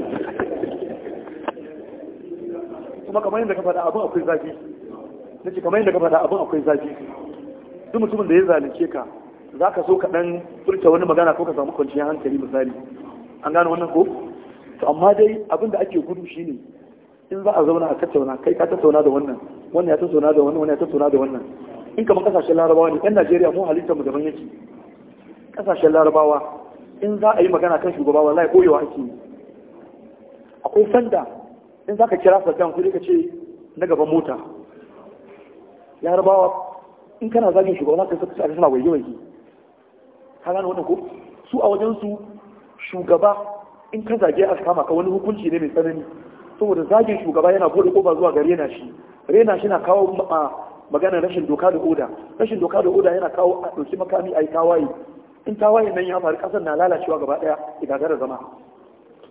kuma kamar yadda ka faɗa abin akwai zafi nace kamar yadda ka faɗa abin akwai zafi duk mutumin da ya zalunce ka za ka so ka ɗan furta wani magana ko ka samu kwanciyar hankali misali an gane wannan ko to amma dai abin da ake gudu shine in za a zauna a tattauna kai ka tattauna da wannan wannan ya tattauna da wannan wannan ya tattauna da wannan in kamar kasashen larabawa ne yan najeriya mu halittar mu daban yake kasashen larabawa in za a yi magana kan shugaba wallahi koyewa ake akwai sanda in za ka kira saddam sai ka ce na gaban mota Ya rabawa. in kana zagin shugaba za ka saka shi suna waje waje ka gane wannan ko su a wajen su shugaba in ka zage a kama ka wani hukunci ne mai tsanani saboda zagin shugaba yana bude kofa zuwa ga rena shi rena shi na kawo magana rashin doka da oda rashin doka da oda yana kawo a ɗauki makami a yi tawaye in tawaye nan ya faru ƙasar na lalacewa gaba ɗaya idan gara zama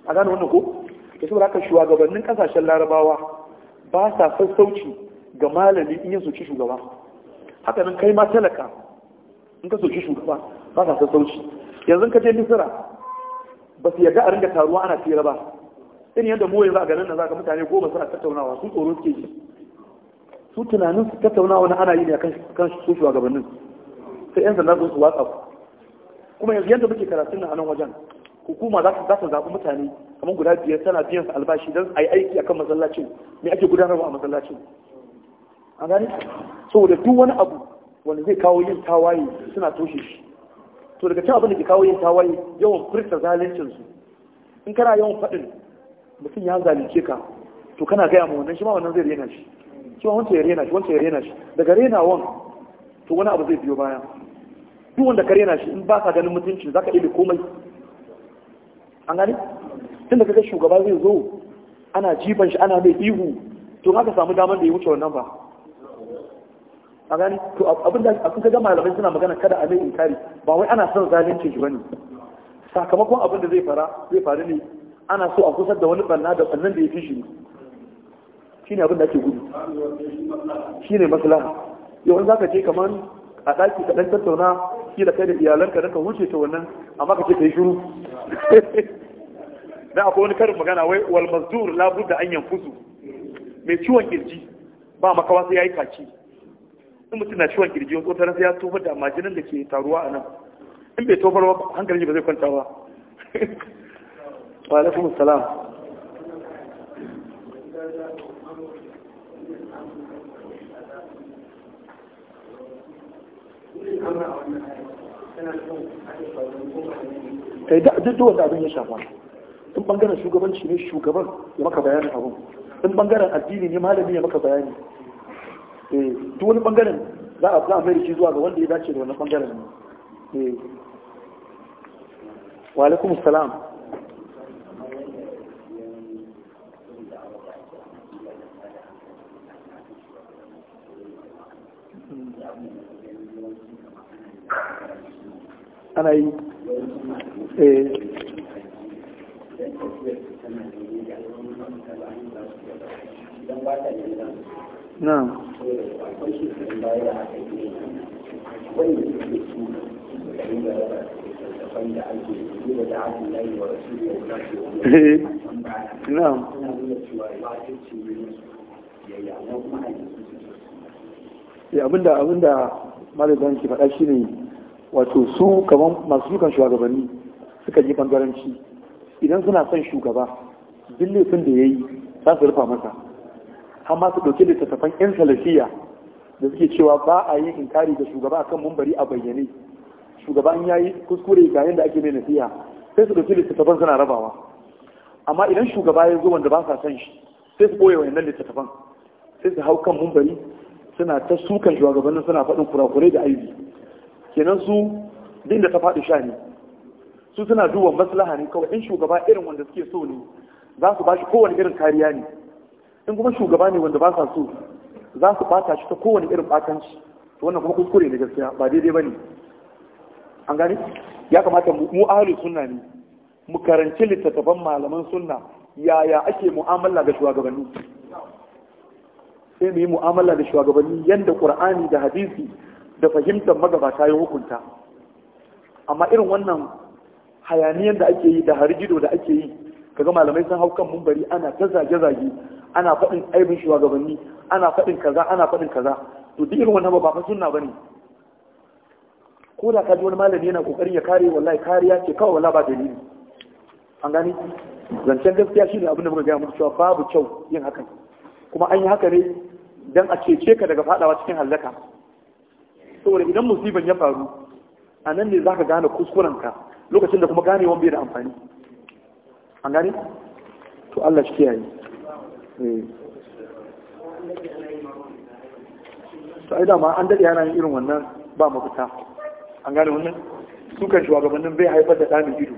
a gane wannan ko da saboda haka shugabannin kasashen larabawa ba sa sassauci ga malami in ya soci shugaba haka nan kai ma talaka in ka soci shugaba ba sa sassauci yanzu ka je misira ba su yarda a ringa taruwa ana tsira ba irin yadda mu yanzu a na nan zaka mutane goma suna tattaunawa su tsoro suke ji su tunanin su tattaunawa na ana yi ne kan su shugabannin sai yan sanda su watsa kuma yanzu yadda muke karatun nan a nan wajen hukuma za ta zaɓi mutane kamar guda biyar tana biyan su albashi don a yi aiki akan masallacin me ake gudanarwa a masallacin a gani saboda duk wani abu wanda zai kawo yin tawaye suna toshe shi to daga cin abin da ke kawo yin tawaye yawan furta zalincin su in kana yawan faɗin mutum ya zalunce ka to kana gaya ma wannan shi ma wannan zai rena shi shi ma wancan ya rena shi wancan ya rena shi daga renawan to wani abu zai biyo baya duk wanda ka rena shi in ba ka ganin mutunci za ka iya komai an gani tun da kaga shugaba zai zo ana jifan shi ana mai ihu to haka samu damar da ya wuce wannan ba a gani to abin da kun ga malamai suna magana kada a mai inkari ba wai ana son zalunci shi bane sakamakon abin da zai fara zai faru ne ana so a kusa da wani banna da sannan da ya fi shi shine abin da ake gudu shine maslaha yau in zaka je kaman a ɗaki ka ɗan tattauna kila kai da iyalanka da ka wuce ta wannan amma ka ce ka yi shiru na akwai wani karin magana wai wal mazdur la budda an yanfusu mai ciwon kirji ba makawa sai yayi kaci in mutum na ciwon kirji wani tsotaran sai ya tofar da majinin da ke taruwa a nan in bai tofar ba hankalin ba zai kwanta ba wa alaikum salam kai eh, da duk wanda abin ya shafa in bangaren shugabanci ne shugaban ya maka bayani abin in bangaren addini ne malami ya maka bayani eh duk wani bangaren za a za a mai shi zuwa ga wanda ya dace da wannan bangaren ne eh wa alaikum salam ana yi na eh. Na'am. Ya eh. eh, abinda abinda malamin faɗa shi ne wato su kamar masu dukan shugabanni suka yi bangaranci idan suna son shugaba duk laifin da ya yi za su rufa masa ma su ɗauki littattafan 'yan salafiya da suke cewa ba a yin inkari da shugaba a kan mumbari a bayyane shugaban ya yi kuskure ga yadda ake mai siya, sai su ɗauki littattafan suna rabawa amma idan shugaba ya zo wanda ba sa son shi sai su ɓoye wannan littattafan sai su hau kan mumbari suna ta sukan shugabannin suna faɗin kurakurai da aibi kenan su din da ta faɗi sha ne su suna duban maslaha ne kawai in shugaba irin wanda suke so ne za su ba shi kowane irin kariya ne in kuma shugaba ne wanda ba sa so za su bata shi ta kowane irin batanci to wannan kuma kuskure ne gaskiya ba daidai ba ne an gani ya kamata mu ahalu sunna ne mu karanci littattafan malaman sunna yaya ake mu'amala ga shugabanni sai mu yi mu'amala da shugabanni yadda qur'ani da hadisi da fahimtar magabata ya hukunta amma irin wannan hayaniyan da ake yi da harjido da ake yi kaga malamai sun hau kan mumbari ana ta zage-zage ana faɗin aibin shugabanni ana faɗin kaza ana faɗin kaza to duk irin wannan ba fa sunna bane ko da ka ji wani malami yana kokarin ya kare wallahi kariya ce kawai wallahi ba dalili an gani zancen gaskiya shine abin da muka gaya muku cewa babu kyau yin hakan kuma an yi haka ne dan a cece ka daga fadawa cikin halaka saboda idan musibin ya faru a nan ne za ka gane kuskurenka lokacin da kuma gane wani bai da amfani an gane to Allah shi kiyaye eh. to ai dama an daɗe yana yin irin wannan ba mafita an gane wannan sukan shugabannin bai haifar da ɗamin ido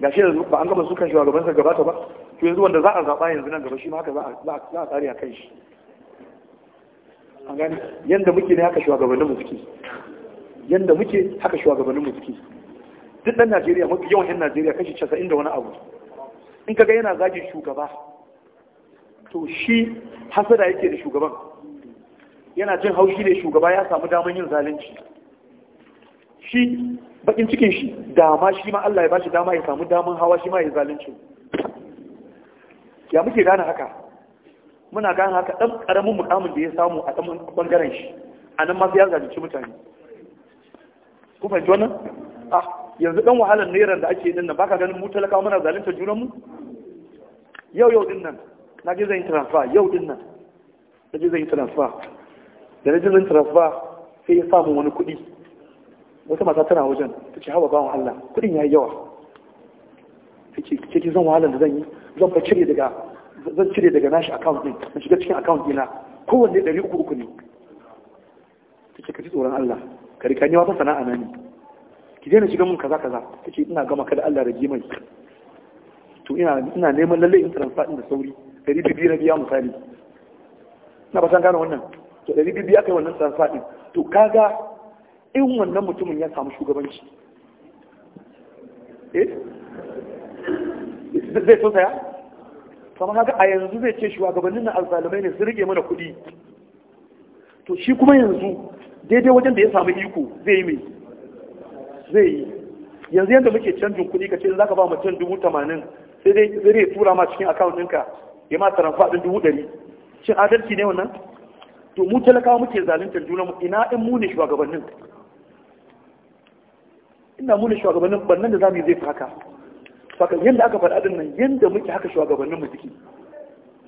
ga shi yanzu ba an gama sukan shugabannin sa gabata ba to yanzu wanda za a zaɓa yanzu nan gaba shi ma haka za a tsari a kan shi an yanda muke ne haka shugabannin mu suke yanda muke haka shugabannin mu suke duk dan Najeriya mafi yawan yan Najeriya kashi 90 da wani abu in kaga yana zagin shugaba to shi hasada yake da shugaban yana jin haushi da shugaba ya samu daman yin zalunci shi bakin cikin shi dama shi ma Allah ya bashi dama ya samu daman hawa shi ma ya zalunci ya muke gane haka muna gane haka ɗan ƙaramin mukamin da ya samu a ɗan ɓangaren shi a nan masu ya zalunci mutane ku fahimci wannan A ah, yanzu ɗan wahalar naira da ake nan baka ganin mu talakawa muna zalunta junan mu yau yau din nan na je zan yi transfer yau din nan na je zan yi transfer da na je zan transfer sai ya samu wani kuɗi wata mata tana wajen ta ce hawa bawan Allah kuɗin ya yi yawa ce zan wahalar da zan yi zan fa cire daga zan cire daga nashi account din na shiga cikin account dina kowanne ɗari uku uku ne ta ce ka ji tsoron Allah ka rika ni wata sana'a na ne ki daina shiga mun kaza kaza ta ce ina gama kada Allah rage mai to ina ina neman lalle in transfer din da sauri ɗari biyu na biya misali na ba san gane wannan to ɗari biyu aka yi wannan transfer din to kaga in wannan mutumin ya samu shugabanci eh zai so saya kamar haka a yanzu zai ce shugabannin na alzalimai ne su rike mana kuɗi to shi kuma yanzu daidai wajen da ya samu iko zai yi mai zai yi yanzu yadda muke canjin kuɗi ka ce za ka ba can dubu tamanin sai dai zai tura ma cikin akawun ɗinka ya ma taramfa ɗin dubu ɗari cin adalci ne wannan to mu talakawa muke zaluntar juna mu ina in mu ne shugabannin ina mu ne shugabannin ɓannan da za mu yi zai fi haka saka yadda aka faɗa din nan yadda muke haka shugabannin mu suke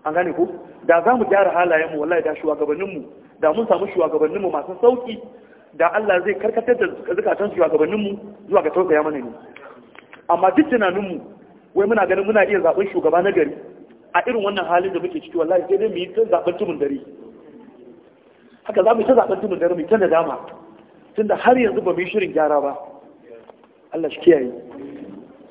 an gane ko da za mu gyara halayenmu wallahi da shugabannin da mun samu shugabannin masu sauƙi, da Allah zai karkatar da zukatan shugabannin mu zuwa ga tausaya mana ne amma duk tunaninmu wai muna ganin muna iya zaɓen shugaba na gari a irin wannan halin da muke ciki wallahi sai dai mu yi ta zaɓen tumun dare haka za mu yi ta zaɓen tumun dare mu yi ta nadama tunda har yanzu ba mu yi shirin gyara ba Allah shi kiyaye